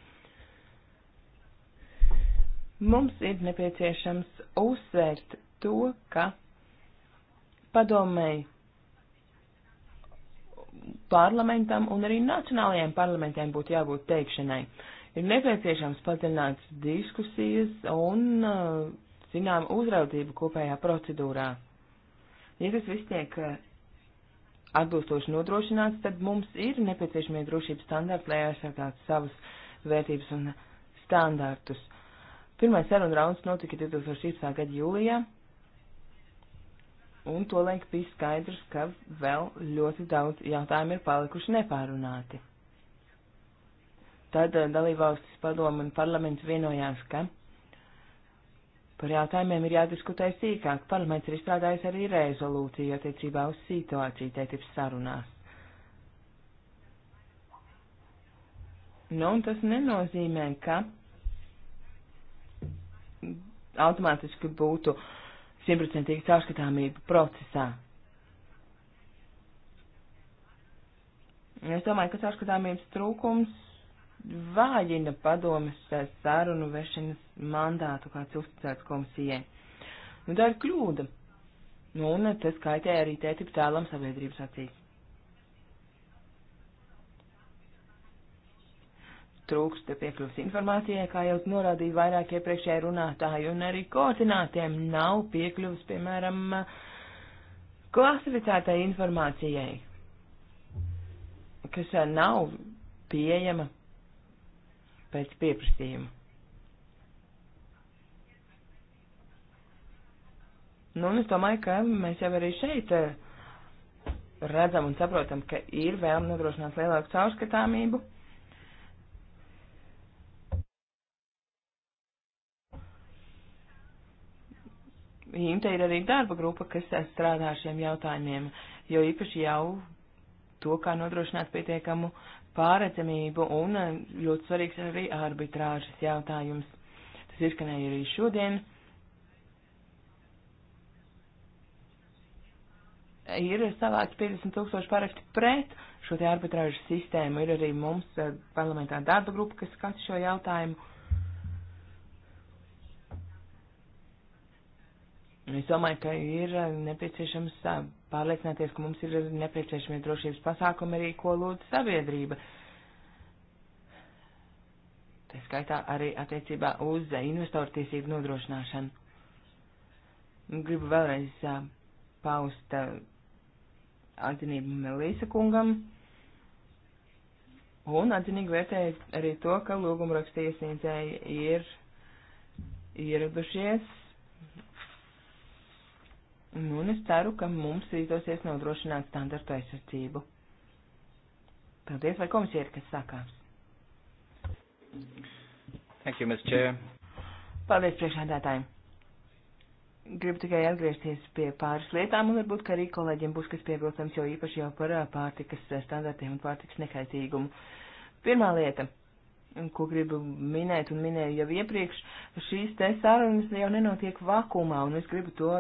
Mums ir nepieciešams uzsvērt to, ka padomēji parlamentam un arī nacionālajiem parlamentiem būtu jābūt teikšanai. Ir nepieciešams padziļināts diskusijas un, uh, zinām, uzraudzību kopējā procedūrā. Ja tas viss tiek uh, atbilstoši nodrošināts, tad mums ir nepieciešamie drošības standarti, lai aizsargātu savas vērtības un standartus. Pirmais saruna rauns notika 2016. gada jūlijā, un to laik bija skaidrs, ka vēl ļoti daudz jautājumu ir palikuši nepārunāti. Tad eh, dalībvalstis padomu un parlaments vienojās, ka par jautājumiem ir jādiskutē sīkāk. Parlaments ir izstrādājis arī rezolūciju attiecībā uz situāciju tētips sarunās. Nu, un tas nenozīmē, ka automātiski būtu simtprocentīgi caurskatāmība procesā. Es domāju, ka caurskatāmības trūkums vājina padomas sarunu vešanas mandātu, kāds uzticēts komisijai. Nu, tā ir kļūda. Nu, un tas kaitē arī tētim tēlam sabiedrības acīs. trūkst piekļuvas informācijai, kā jau norādīja vairāk iepriekšēji runātāji, un arī koordinātiem nav piekļuvas, piemēram, klasificētai informācijai, kas nav pieejama pēc pieprasījuma. Nu, un es domāju, ka mēs jau arī šeit eh, redzam un saprotam, ka ir vēlme nodrošināt lielāku caurskatāmību Imte ir arī darba grupa, kas strādā ar šiem jautājumiem, jo īpaši jau to, kā nodrošināt pietiekamu pārredzamību un ļoti svarīgs arī arbitrāžas jautājums. Tas izskanēja arī šodien. ir savāc 50 tūkstoši parakstu pret šo te arbitrāžu sistēmu. Ir arī mums eh, parlamentā darba grupa, kas skata šo jautājumu. Es domāju, ka ir eh, nepieciešams eh, pārliecināties, ka mums ir nepieciešami drošības pasākumi arī, ko lūdz sabiedrība. Tā skaitā arī attiecībā uz eh, investoru tiesību nodrošināšanu. Gribu vēlreiz paust atzinību Melīsa kungam un atzinīgi vērtēju arī to, ka lūgumraksta iesniedzēji ir ieradušies Nu, un es ceru, ka mums izdosies nodrošināt standartu aizsardzību. Paldies, vai komisija ir kas sakāms? Thank you, Ms. Chair. Paldies priekšādātājiem. Gribu tikai atgriezties pie pāris lietām, un varbūt, ka arī kolēģiem būs kas piebilstams, jo īpaši jau par pārtikas standartiem un pārtikas nekaitīgumu. Pirmā lieta, ko gribu minēt un minēju jau iepriekš, šīs te sarunas jau nenotiek vakumā, un es gribu to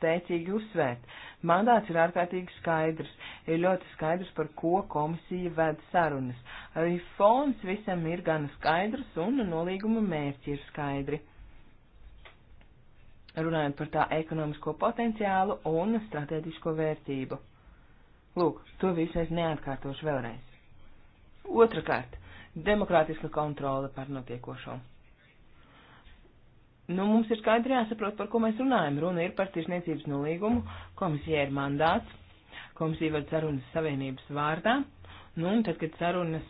spēcīgi uzsvērt. Mandāts ir ārkārtīgi skaidrs, ir ļoti skaidrs, par ko komisija ved sarunas. Arī fons visam ir gan skaidrs un nolīguma mērķi ir skaidri. Runājot par tā ekonomisko potenciālu un strateģisko vērtību. Lūk, to visu es neatkārtošu vēlreiz. Otrakārt, demokrātiska kontrole par notiekošo. Nu, mums ir skaidri jāsaprot, par ko mēs runājam. Runa ir par tirsniecības nolīgumu, komisija ir mandāts, komisija var sarunas savienības vārdā, nu, un tad, kad sarunas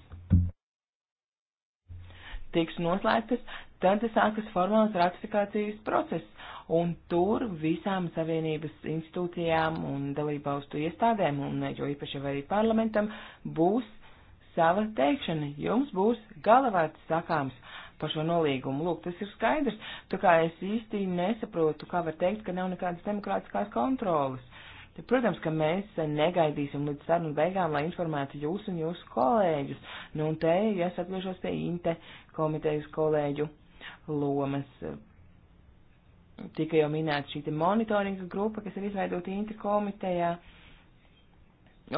tiks noslēgtas, tad sākas formāls ratifikācijas process, un tur visām savienības institūcijām un dalībvalstu iestādēm, un jo īpaši arī parlamentam, būs sava teikšana, jums būs galavārds sakāms par šo nolīgumu. Lūk, tas ir skaidrs. Tā kā es īsti nesaprotu, kā var teikt, ka nav nekādas demokrātiskās kontrolas. Tad, protams, ka mēs negaidīsim līdz sarunu beigām, lai informētu jūs un jūsu kolēģus. Nu, un te es atgriežos pie INTE komitejas kolēģu lomas. Tika jau minēta šī monitoringa grupa, kas ir izveidota INTE komitejā.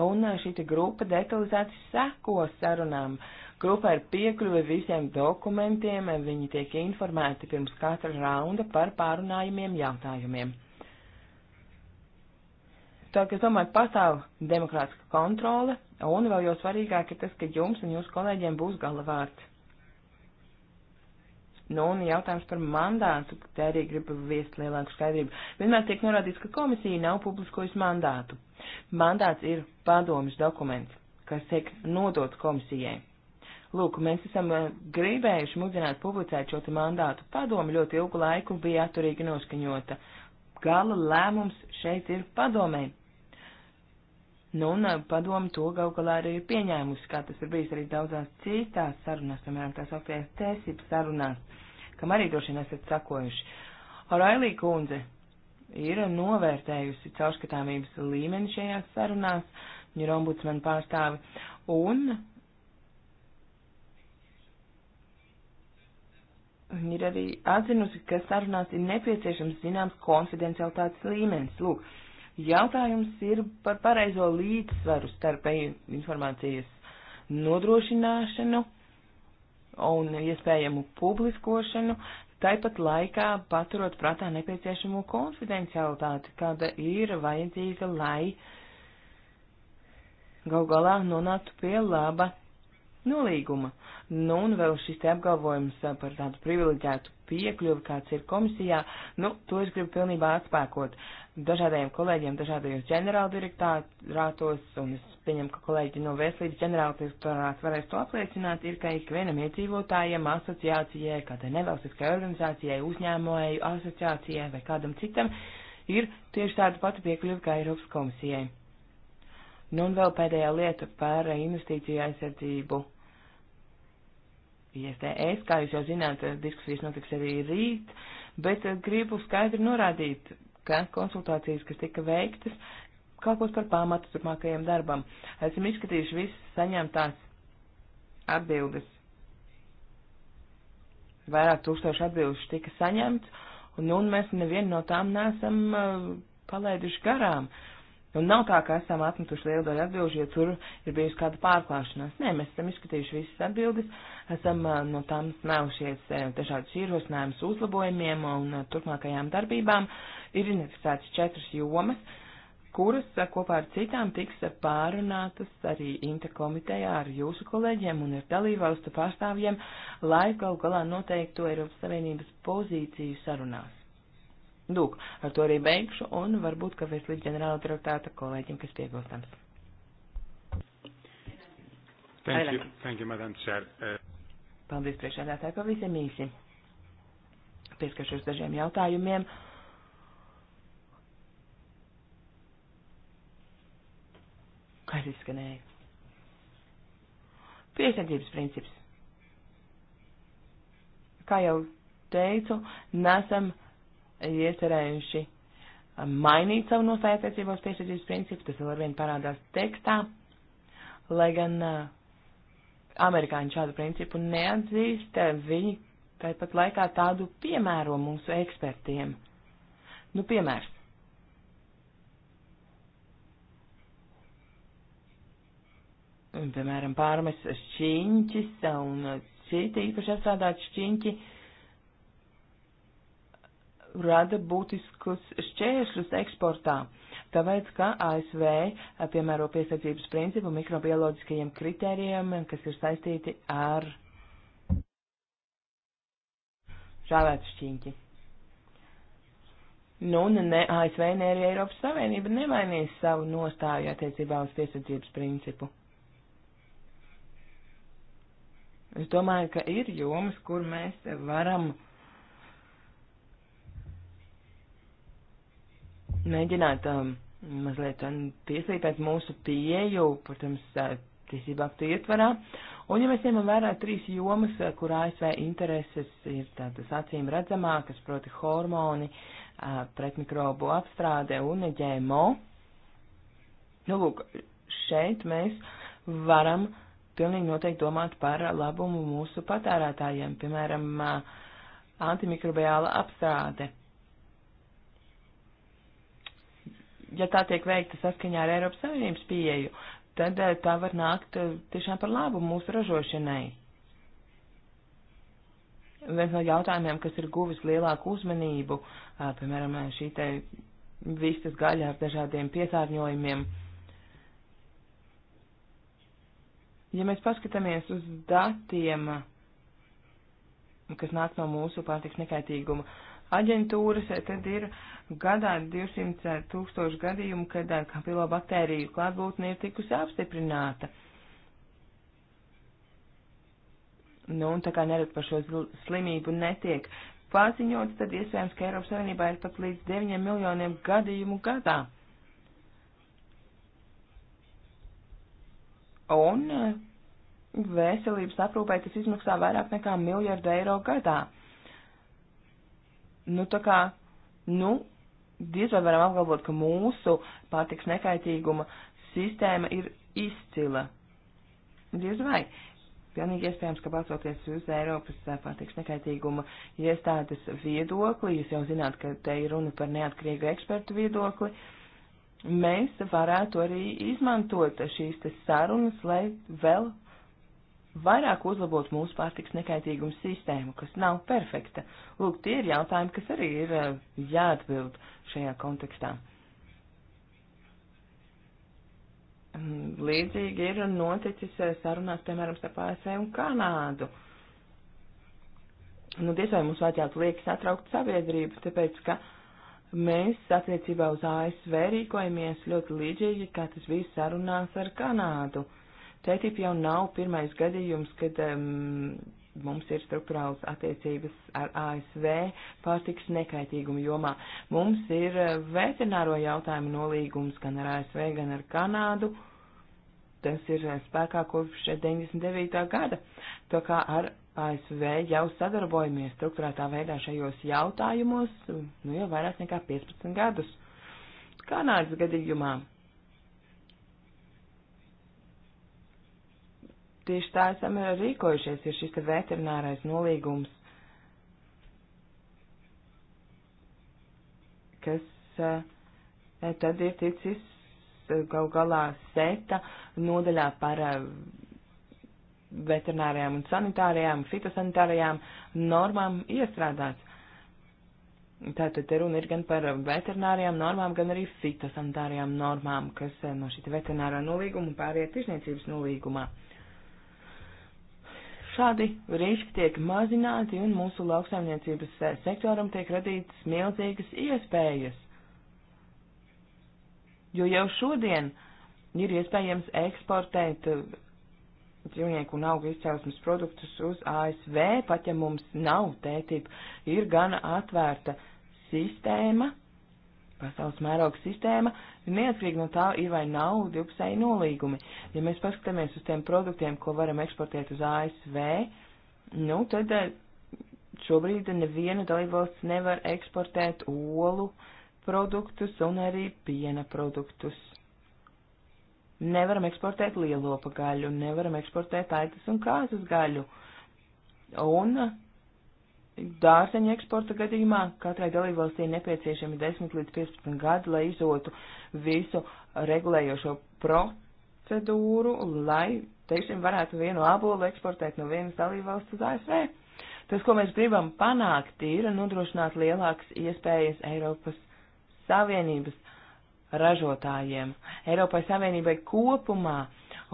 Un šī grupa detalizēti seko sarunām Grupa ir piekļuve visiem dokumentiem, viņi tiek informēti pirms katra raunda par pārunājumiem jautājumiem. Tā kā es domāju, pastāv demokrātiska kontrole, un vēl jau svarīgāk ir tas, ka jums un jūsu kolēģiem būs galavārds. Nu, un jautājums par mandātu, te arī gribu viest lielāku skaidrību. Vienmēr tiek norādīts, ka komisija nav publiskojusi mandātu. Mandāts ir padomjas dokuments, kas tiek nodots komisijai. Lūk, mēs esam eh, gribējuši mudināt publicēt šo te mandātu. Padomi ļoti ilgu laiku bija atturīgi noskaņota. Gala lēmums šeit ir padomē. Nu, un eh, padomi to gal galā arī ir pieņēmusi, kā tas ir bijis arī daudzās citās sarunās, piemēram, tā Sofijas tiesības sarunās, kam arī droši vien esat sakojuši. Orailī kundze ir novērtējusi caurskatāmības līmeni šajās sarunās, viņa ir ombudsman pārstāvi, un Viņa ir arī atzinusi, ka sarunās ir nepieciešams zināms konfidencialitātes līmenis. Lūk, jautājums ir par pareizo līdzsvaru starp informācijas nodrošināšanu un iespējamu publiskošanu, taipat laikā paturot prātā nepieciešamo konfidencialitāti, kāda ir vajadzīga, lai gal galā nonāktu pie laba nolīguma. Nu, un vēl šis te apgalvojums par tādu privileģētu piekļuvi, kāds ir komisijā, nu, to es gribu pilnībā atspēkot dažādajiem kolēģiem, dažādajos ģenerāldirektorātos, un es pieņemu, ka kolēģi no veselības ģenerāldirektorāts varēs to apliecināt, ir, ka ikvienam iedzīvotājiem, asociācijai, kādai nevalstiskai organizācijai, uzņēmēju asociācijai vai kādam citam ir tieši tāda pati piekļuva kā Eiropas komisijai. Nu un vēl pēdējā lieta par investīciju aizsardzību. ISDS. Kā jūs jau zināt, diskusijas notiks arī rīt, bet eh, gribu skaidri norādīt, ka konsultācijas, kas tika veiktas, kalpos par pamatu turpmākajam darbam. Esam izskatījuši visas saņemtās atbildes. Vairāk tūkstoši atbildes tika saņemts, un, un mēs nevienu no tām nesam uh, palaiduši garām. Uh, Nu, nav tā, ka esam atmetuši lielu daļu atbilžu, jo tur ir bijusi kāda pārklāšanās. Nē, mēs esam izskatījuši visas atbildes, esam uh, no tām smēlušies uh, dažādus ierosinājumus uzlabojumiem un uh, turpmākajām darbībām. Ir identificētas četras jomas, kuras kopā ar citām tiks pārunātas arī interkomitejā ar jūsu kolēģiem un ar dalībvalstu pārstāvjiem, lai gal galā noteiktu Eiropas Savienības pozīciju sarunās. Lūk, ar to arī beigšu un varbūt kavēs līdz ģenerāla traktāta kolēģim, kas piebilstams. Thank you, thank you, Madam Chair. Uh, Paldies priekšādātāju pavisam īsi. Pieskaršos dažiem jautājumiem. Kas izskanēja? Piesardzības princips. Kā jau teicu, nesam iecerējuši mainīt savu nostāju attiecībā uz tiesvedības principu, tas vēl arvien parādās tekstā, lai gan uh, amerikāņi šādu principu neatzīst, viņi tāpat laikā tādu piemēro mūsu ekspertiem. Nu, piemērs. Piemēram, pārmes šķiņķis un citi īpaši apstrādāti šķiņķi. Uh, rada būtiskus šķēršļus eksportā, tāpēc, ka ASV piemēro piesardzības principu mikrobioloģiskajiem kritērijiem, kas ir saistīti ar žāvētu šķiņķi. Nu, ne ASV, ne arī Eiropas Savienība nemainīs savu nostāju attiecībā uz piesardzības principu. Es domāju, ka ir jomas, kur mēs varam uh, mēģināt um, mazliet um, pieslīpēt mūsu pieeju, protams, uh, tiesību aktu ietvarā. Un, ja mēs ņemam vērā trīs jomas, uh, kur ASV intereses ir tādas acīm redzamākas, proti hormoni, uh, pretmikrobu apstrāde un ģēmo, nu, lūk, šeit mēs varam pilnīgi noteikti domāt par labumu mūsu patērētājiem, piemēram, antimikrobiāla apstrāde ja tā tiek veikta saskaņā ar Eiropas Savienības pieeju, tad eh, tā var nākt eh, tiešām par labu mūsu ražošanai. Viens no jautājumiem, kas ir guvis lielāku uzmanību, eh, piemēram, šī te vistas gaļa ar dažādiem piesārņojumiem. Ja mēs paskatāmies uz datiem, kas nāk no mūsu pārtiks nekaitīguma, uh, aģentūras, eh, tad ir gadā 200 eh, tūkstoši gadījumu, kad eh, kapilobaktēriju klātbūtne ir tikusi apstiprināta. Nu, un tā kā nerad par šo slimību netiek paziņots, tad iespējams, ka Eiropas Savienībā ir pat līdz 9 miljoniem gadījumu gadā. Un veselības aprūpē tas izmaksā vairāk nekā miljardu eiro gadā. Nu, tā kā, nu, diez vai varam apgalvot, ka mūsu pārtiks nekaitīguma sistēma ir izcila. Diez vai. Pilnīgi iespējams, ka balsoties uz Eiropas eh, pārtiks nekaitīguma iestādes viedokli, jūs jau zināt, ka te ir runa par neatkarīgu ekspertu viedokli, mēs varētu arī izmantot šīs te sarunas, lai vēl vairāk uzlabot mūsu pārtiks nekaitīgumu sistēmu, kas nav perfekta. Lūk, tie ir jautājumi, kas arī ir eh, jāatbild šajā kontekstā. Mm, līdzīgi ir noticis eh, sarunās, piemēram, starp ASV un Kanādu. Nu, diez vai mums vajadzētu liekas atraukt sabiedrību, tāpēc, ka mēs attiecībā uz ASV rīkojamies ļoti līdzīgi, kā tas bija sarunās ar Kanādu. Uh, TTIP jau nav pirmais gadījums, kad um, mums ir struktūrāls attiecības ar ASV pārtiks nekaitīgumu jomā. Mums ir eh, veterināro jautājumu nolīgums gan ar ASV, gan ar Kanādu. Tas ir eh, spēkā kopš 99. gada. To kā ar ASV jau sadarbojamies struktūrētā veidā šajos jautājumos, nu jau vairāk nekā 15 gadus. Kanādas gadījumā tieši tā esam rīkojušies, ir šis veterinārais nolīgums, kas eh, tad ir ticis eh, gal galā seta nodaļā par eh, veterinārijām un sanitārajām, fitosanitārajām normām iestrādāts. Tātad te runa ir gan par veterinārijām normām, gan arī fitosanitārajām normām, kas no šī veterinārā nolīguma pāriet tirzniecības nolīgumā. Šādi riski tiek mazināti un mūsu lauksaimniecības eh, sektoram tiek radītas milzīgas iespējas. Jo jau šodien ir iespējams eksportēt eh, dzīvnieku un augu izcelsmes produktus uz ASV, pat ja mums nav tētība, ir gana atvērta sistēma, pasaules mēroga sistēma, neatkarīgi no tā ir vai nav divpusēji nolīgumi. Ja mēs paskatāmies uz tiem produktiem, ko varam eksportēt uz ASV, nu tad eh, šobrīd neviena dalībvalsts nevar eksportēt olu produktus un arī piena produktus. Nevaram eksportēt lielopa gaļu, nevaram eksportēt aitas un kāzas gaļu. Un Dārzeņu eksporta gadījumā katrai dalībvalstī nepieciešami 10 līdz 15 gadi, lai izotu visu regulējošo procedūru, lai, teiksim, varētu vienu ābolu eksportēt no vienas dalībvalsts uz ASV. Tas, ko mēs gribam panākt, ir nodrošināt lielākas iespējas Eiropas Savienības ražotājiem, Eiropai Savienībai kopumā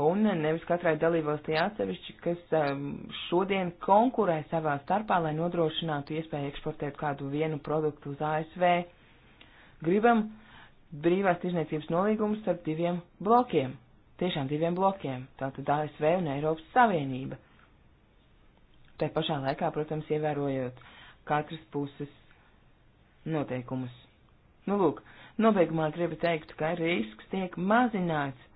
un nevis katrai dalībvalstī atsevišķi, kas um, šodien konkurē savā starpā, lai nodrošinātu iespēju eksportēt kādu vienu produktu uz ASV. Gribam brīvās tirzniecības nolīgumus starp diviem blokiem, tiešām diviem blokiem, tātad ASV un Eiropas Savienība. Tā pašā laikā, protams, ievērojot katras puses noteikumus. Nu, lūk, nobeigumā gribu teikt, ka risks tiek mazināts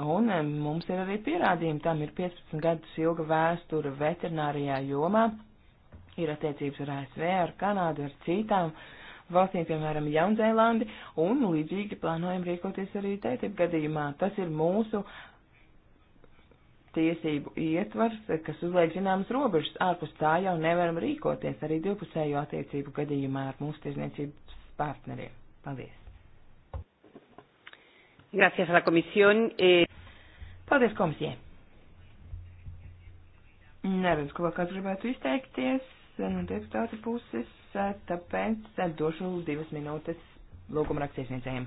Un mums ir arī pierādījumi, tam ir 15 gadus ilga vēsture veterinārijā jomā, ir attiecības ar ASV, ar Kanādu, ar citām valstīm, piemēram, Jaunzēlandi, un līdzīgi plānojam rīkoties arī tētību gadījumā. Tas ir mūsu tiesību ietvars, kas uzliek zināmas robežas, ārpus tā jau nevaram rīkoties arī divpusējo attiecību gadījumā ar mūsu tirzniecības partneriem. Paldies! Gracias a la komisión. E... Eh, Paldies komisijai. Neredz, ko vēl kāds gribētu izteikties no deputāta puses, eh, tāpēc eh, došu divas minūtes lūguma rakstniecējiem.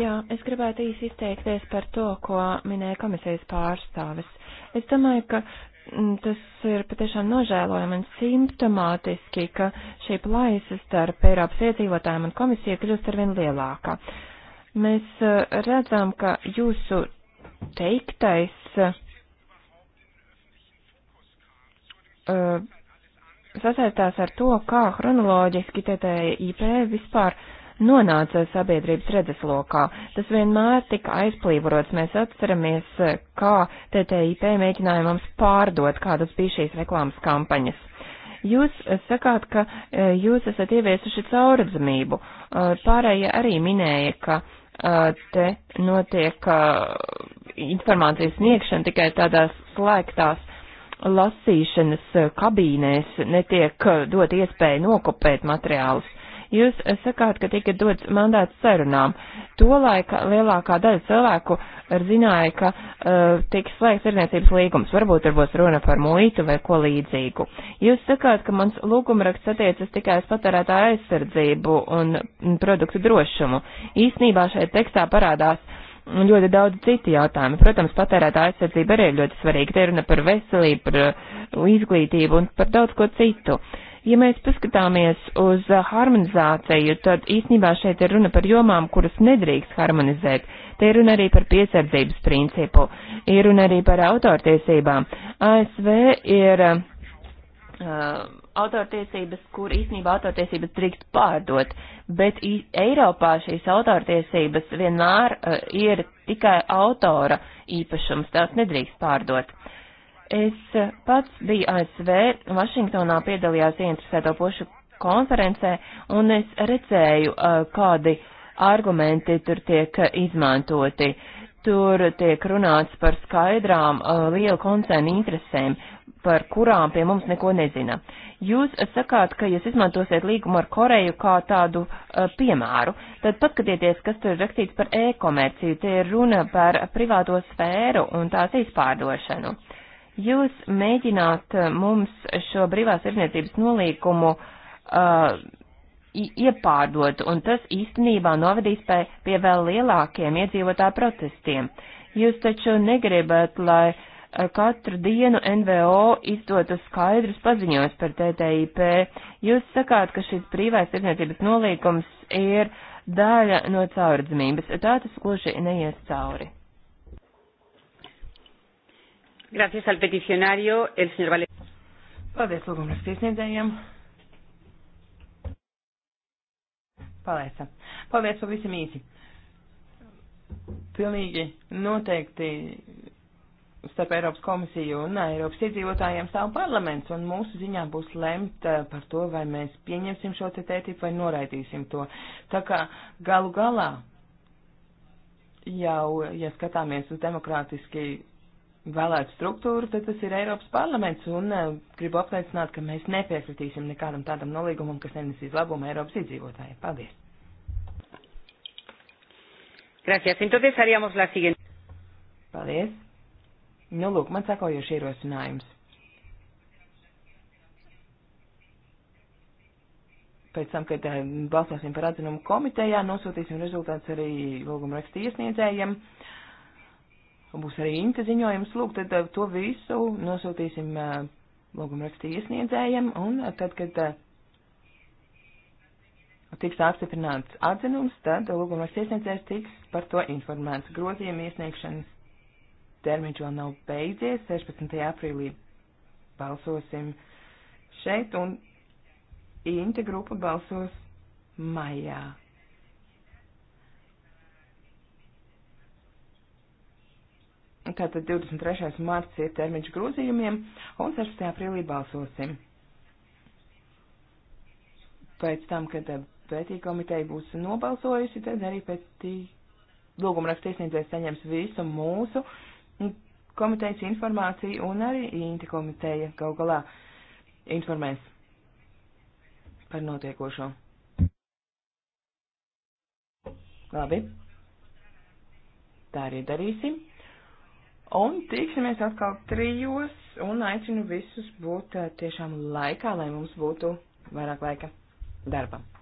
Jā, es gribētu īsi izteikties par to, ko minēja komisijas pārstāvis. Es domāju, ka mm, tas ir patiešām nožēlojami un simptomātiski, ka šī plaisa starp Eiropas iedzīvotājiem un komisiju kļūst arvien lielāka. Uh, Mēs uh, redzam, ka jūsu teiktais uh, sasaistās ar to, kā chronoloģiski TTIP vispār nonāca sabiedrības redzeslokā. Tas vienmēr tika aizplīvots. Mēs atceramies, uh, kā TTIP mēģināja mums pārdot, kādas bija šīs reklāmas kampaņas. Jūs uh, sakāt, ka jūs esat ieviesuši caurredzamību. Pārējie arī minēja, ka uh, te notiek informācijas sniegšana tikai tādās slēgtās lasīšanas kabīnēs, netiek dot iespēju nokopēt materiālus. Jūs sakāt, ka tika dots mandāts sarunām. Tolaik lielākā daļa cilvēku zināja, ka uh, tiek slēgts tirniecības līgums. Varbūt tur būs runa par muitu vai ko līdzīgu. Jūs sakāt, ka mans lūgumraksts attiecas tikai uz patērētāju aizsardzību un produktu drošumu. Īsnībā šeit tekstā parādās ļoti daudz citu jautājumu. Protams, patērētā aizsardzība arī ir ļoti svarīga. Te runa par veselību, par uh, izglītību un par daudz ko citu. Uh, Ja mēs paskatāmies uz harmonizāciju, tad īsnībā šeit ir runa par jomām, kuras nedrīkst harmonizēt. Te ir runa arī par piesardzības principu, ir runa arī par autortiesībām. ASV ir uh, autortiesības, kur īsnībā autortiesības drīkst pārdot, bet Eiropā šīs autortiesības vienmēr uh, ir tikai autora īpašums, tās nedrīkst pārdot. Uh, Es pats biju ASV, Vašingtonā piedalījās ieinteresēto pušu konferencē, un es redzēju, kādi argumenti tur tiek izmantoti. Tur tiek runāts par skaidrām lielu koncernu interesēm, par kurām pie mums neko nezina. Jūs sakāt, ka jūs izmantosiet līgumu ar Koreju kā tādu uh, piemēru, tad paskatieties, kas tur ir rakstīts par e-komerciju. Tie ir runa par privāto sfēru un tās izpārdošanu. Uh, Jūs mēģināt eh, mums šo brīvās saimniecības nolīkumu uh, iepārdot, un tas īstenībā novedīs pie, pie vēl lielākiem iedzīvotā protestiem. Jūs taču negribat, lai eh, katru dienu NVO izdotu skaidrus paziņojums par TTIP. Jūs sakāt, ka šis brīvās saimniecības nolīkums ir daļa no caurdzamības. Tā tas gluži neies cauri. Gracias al peticionario, el señor Valenzuela. Paldies lūgumas tiesniedzējiem. Paldies. Paldies pavisam īsi. Pilnīgi noteikti starp Eiropas komisiju un Eiropas iedzīvotājiem stāv parlaments, un mūsu ziņā būs lemt eh, par to, vai mēs pieņemsim šo te tētību vai noraidīsim to. Tā kā galu galā jau, ja skatāmies uz demokrātiski vēlētu struktūru, tad tas ir Eiropas parlaments, un eh, gribu apliecināt, ka mēs nepiekritīsim nekādam tādam nolīgumam, kas nenesīs labumu Eiropas iedzīvotājiem. Paldies! Gracias. Entonces haríamos la siguiente. Paldies. Nu, lūk, man sakojuši ierosinājums. Pēc tam, kad eh, balsosim par atzinumu komitejā, nosūtīsim rezultātus arī lūguma rakstu iesniedzējiem. Uh, būs arī inta ziņojums, lūk, tad eh, to visu nosūtīsim eh, lūgumrakstu iesniedzējiem, un eh, tad, kad tiks apstiprināts atzinums, tad lūgumrakstu iesniedzējs tiks par to informēts. Grozījuma iesniegšanas termiņš vēl nav beidzies, 16. aprīlī balsosim šeit, un inta grupa balsos maijā. Tātad 23. marts ir termiņš grozījumiem un 6. aprīlī balsosim. Pēc tam, kad pētī komiteja būs nobalsojusi, tad arī pētī lūguma rakstiesniedzējs saņems visu mūsu komitejas informāciju un arī Inti komiteja gal galā informēs par notiekošo. Labi. Tā arī darīsim. Un tiksimies atkal trijos un aicinu visus būt eh, tiešām laikā, lai mums būtu vairāk laika darbam.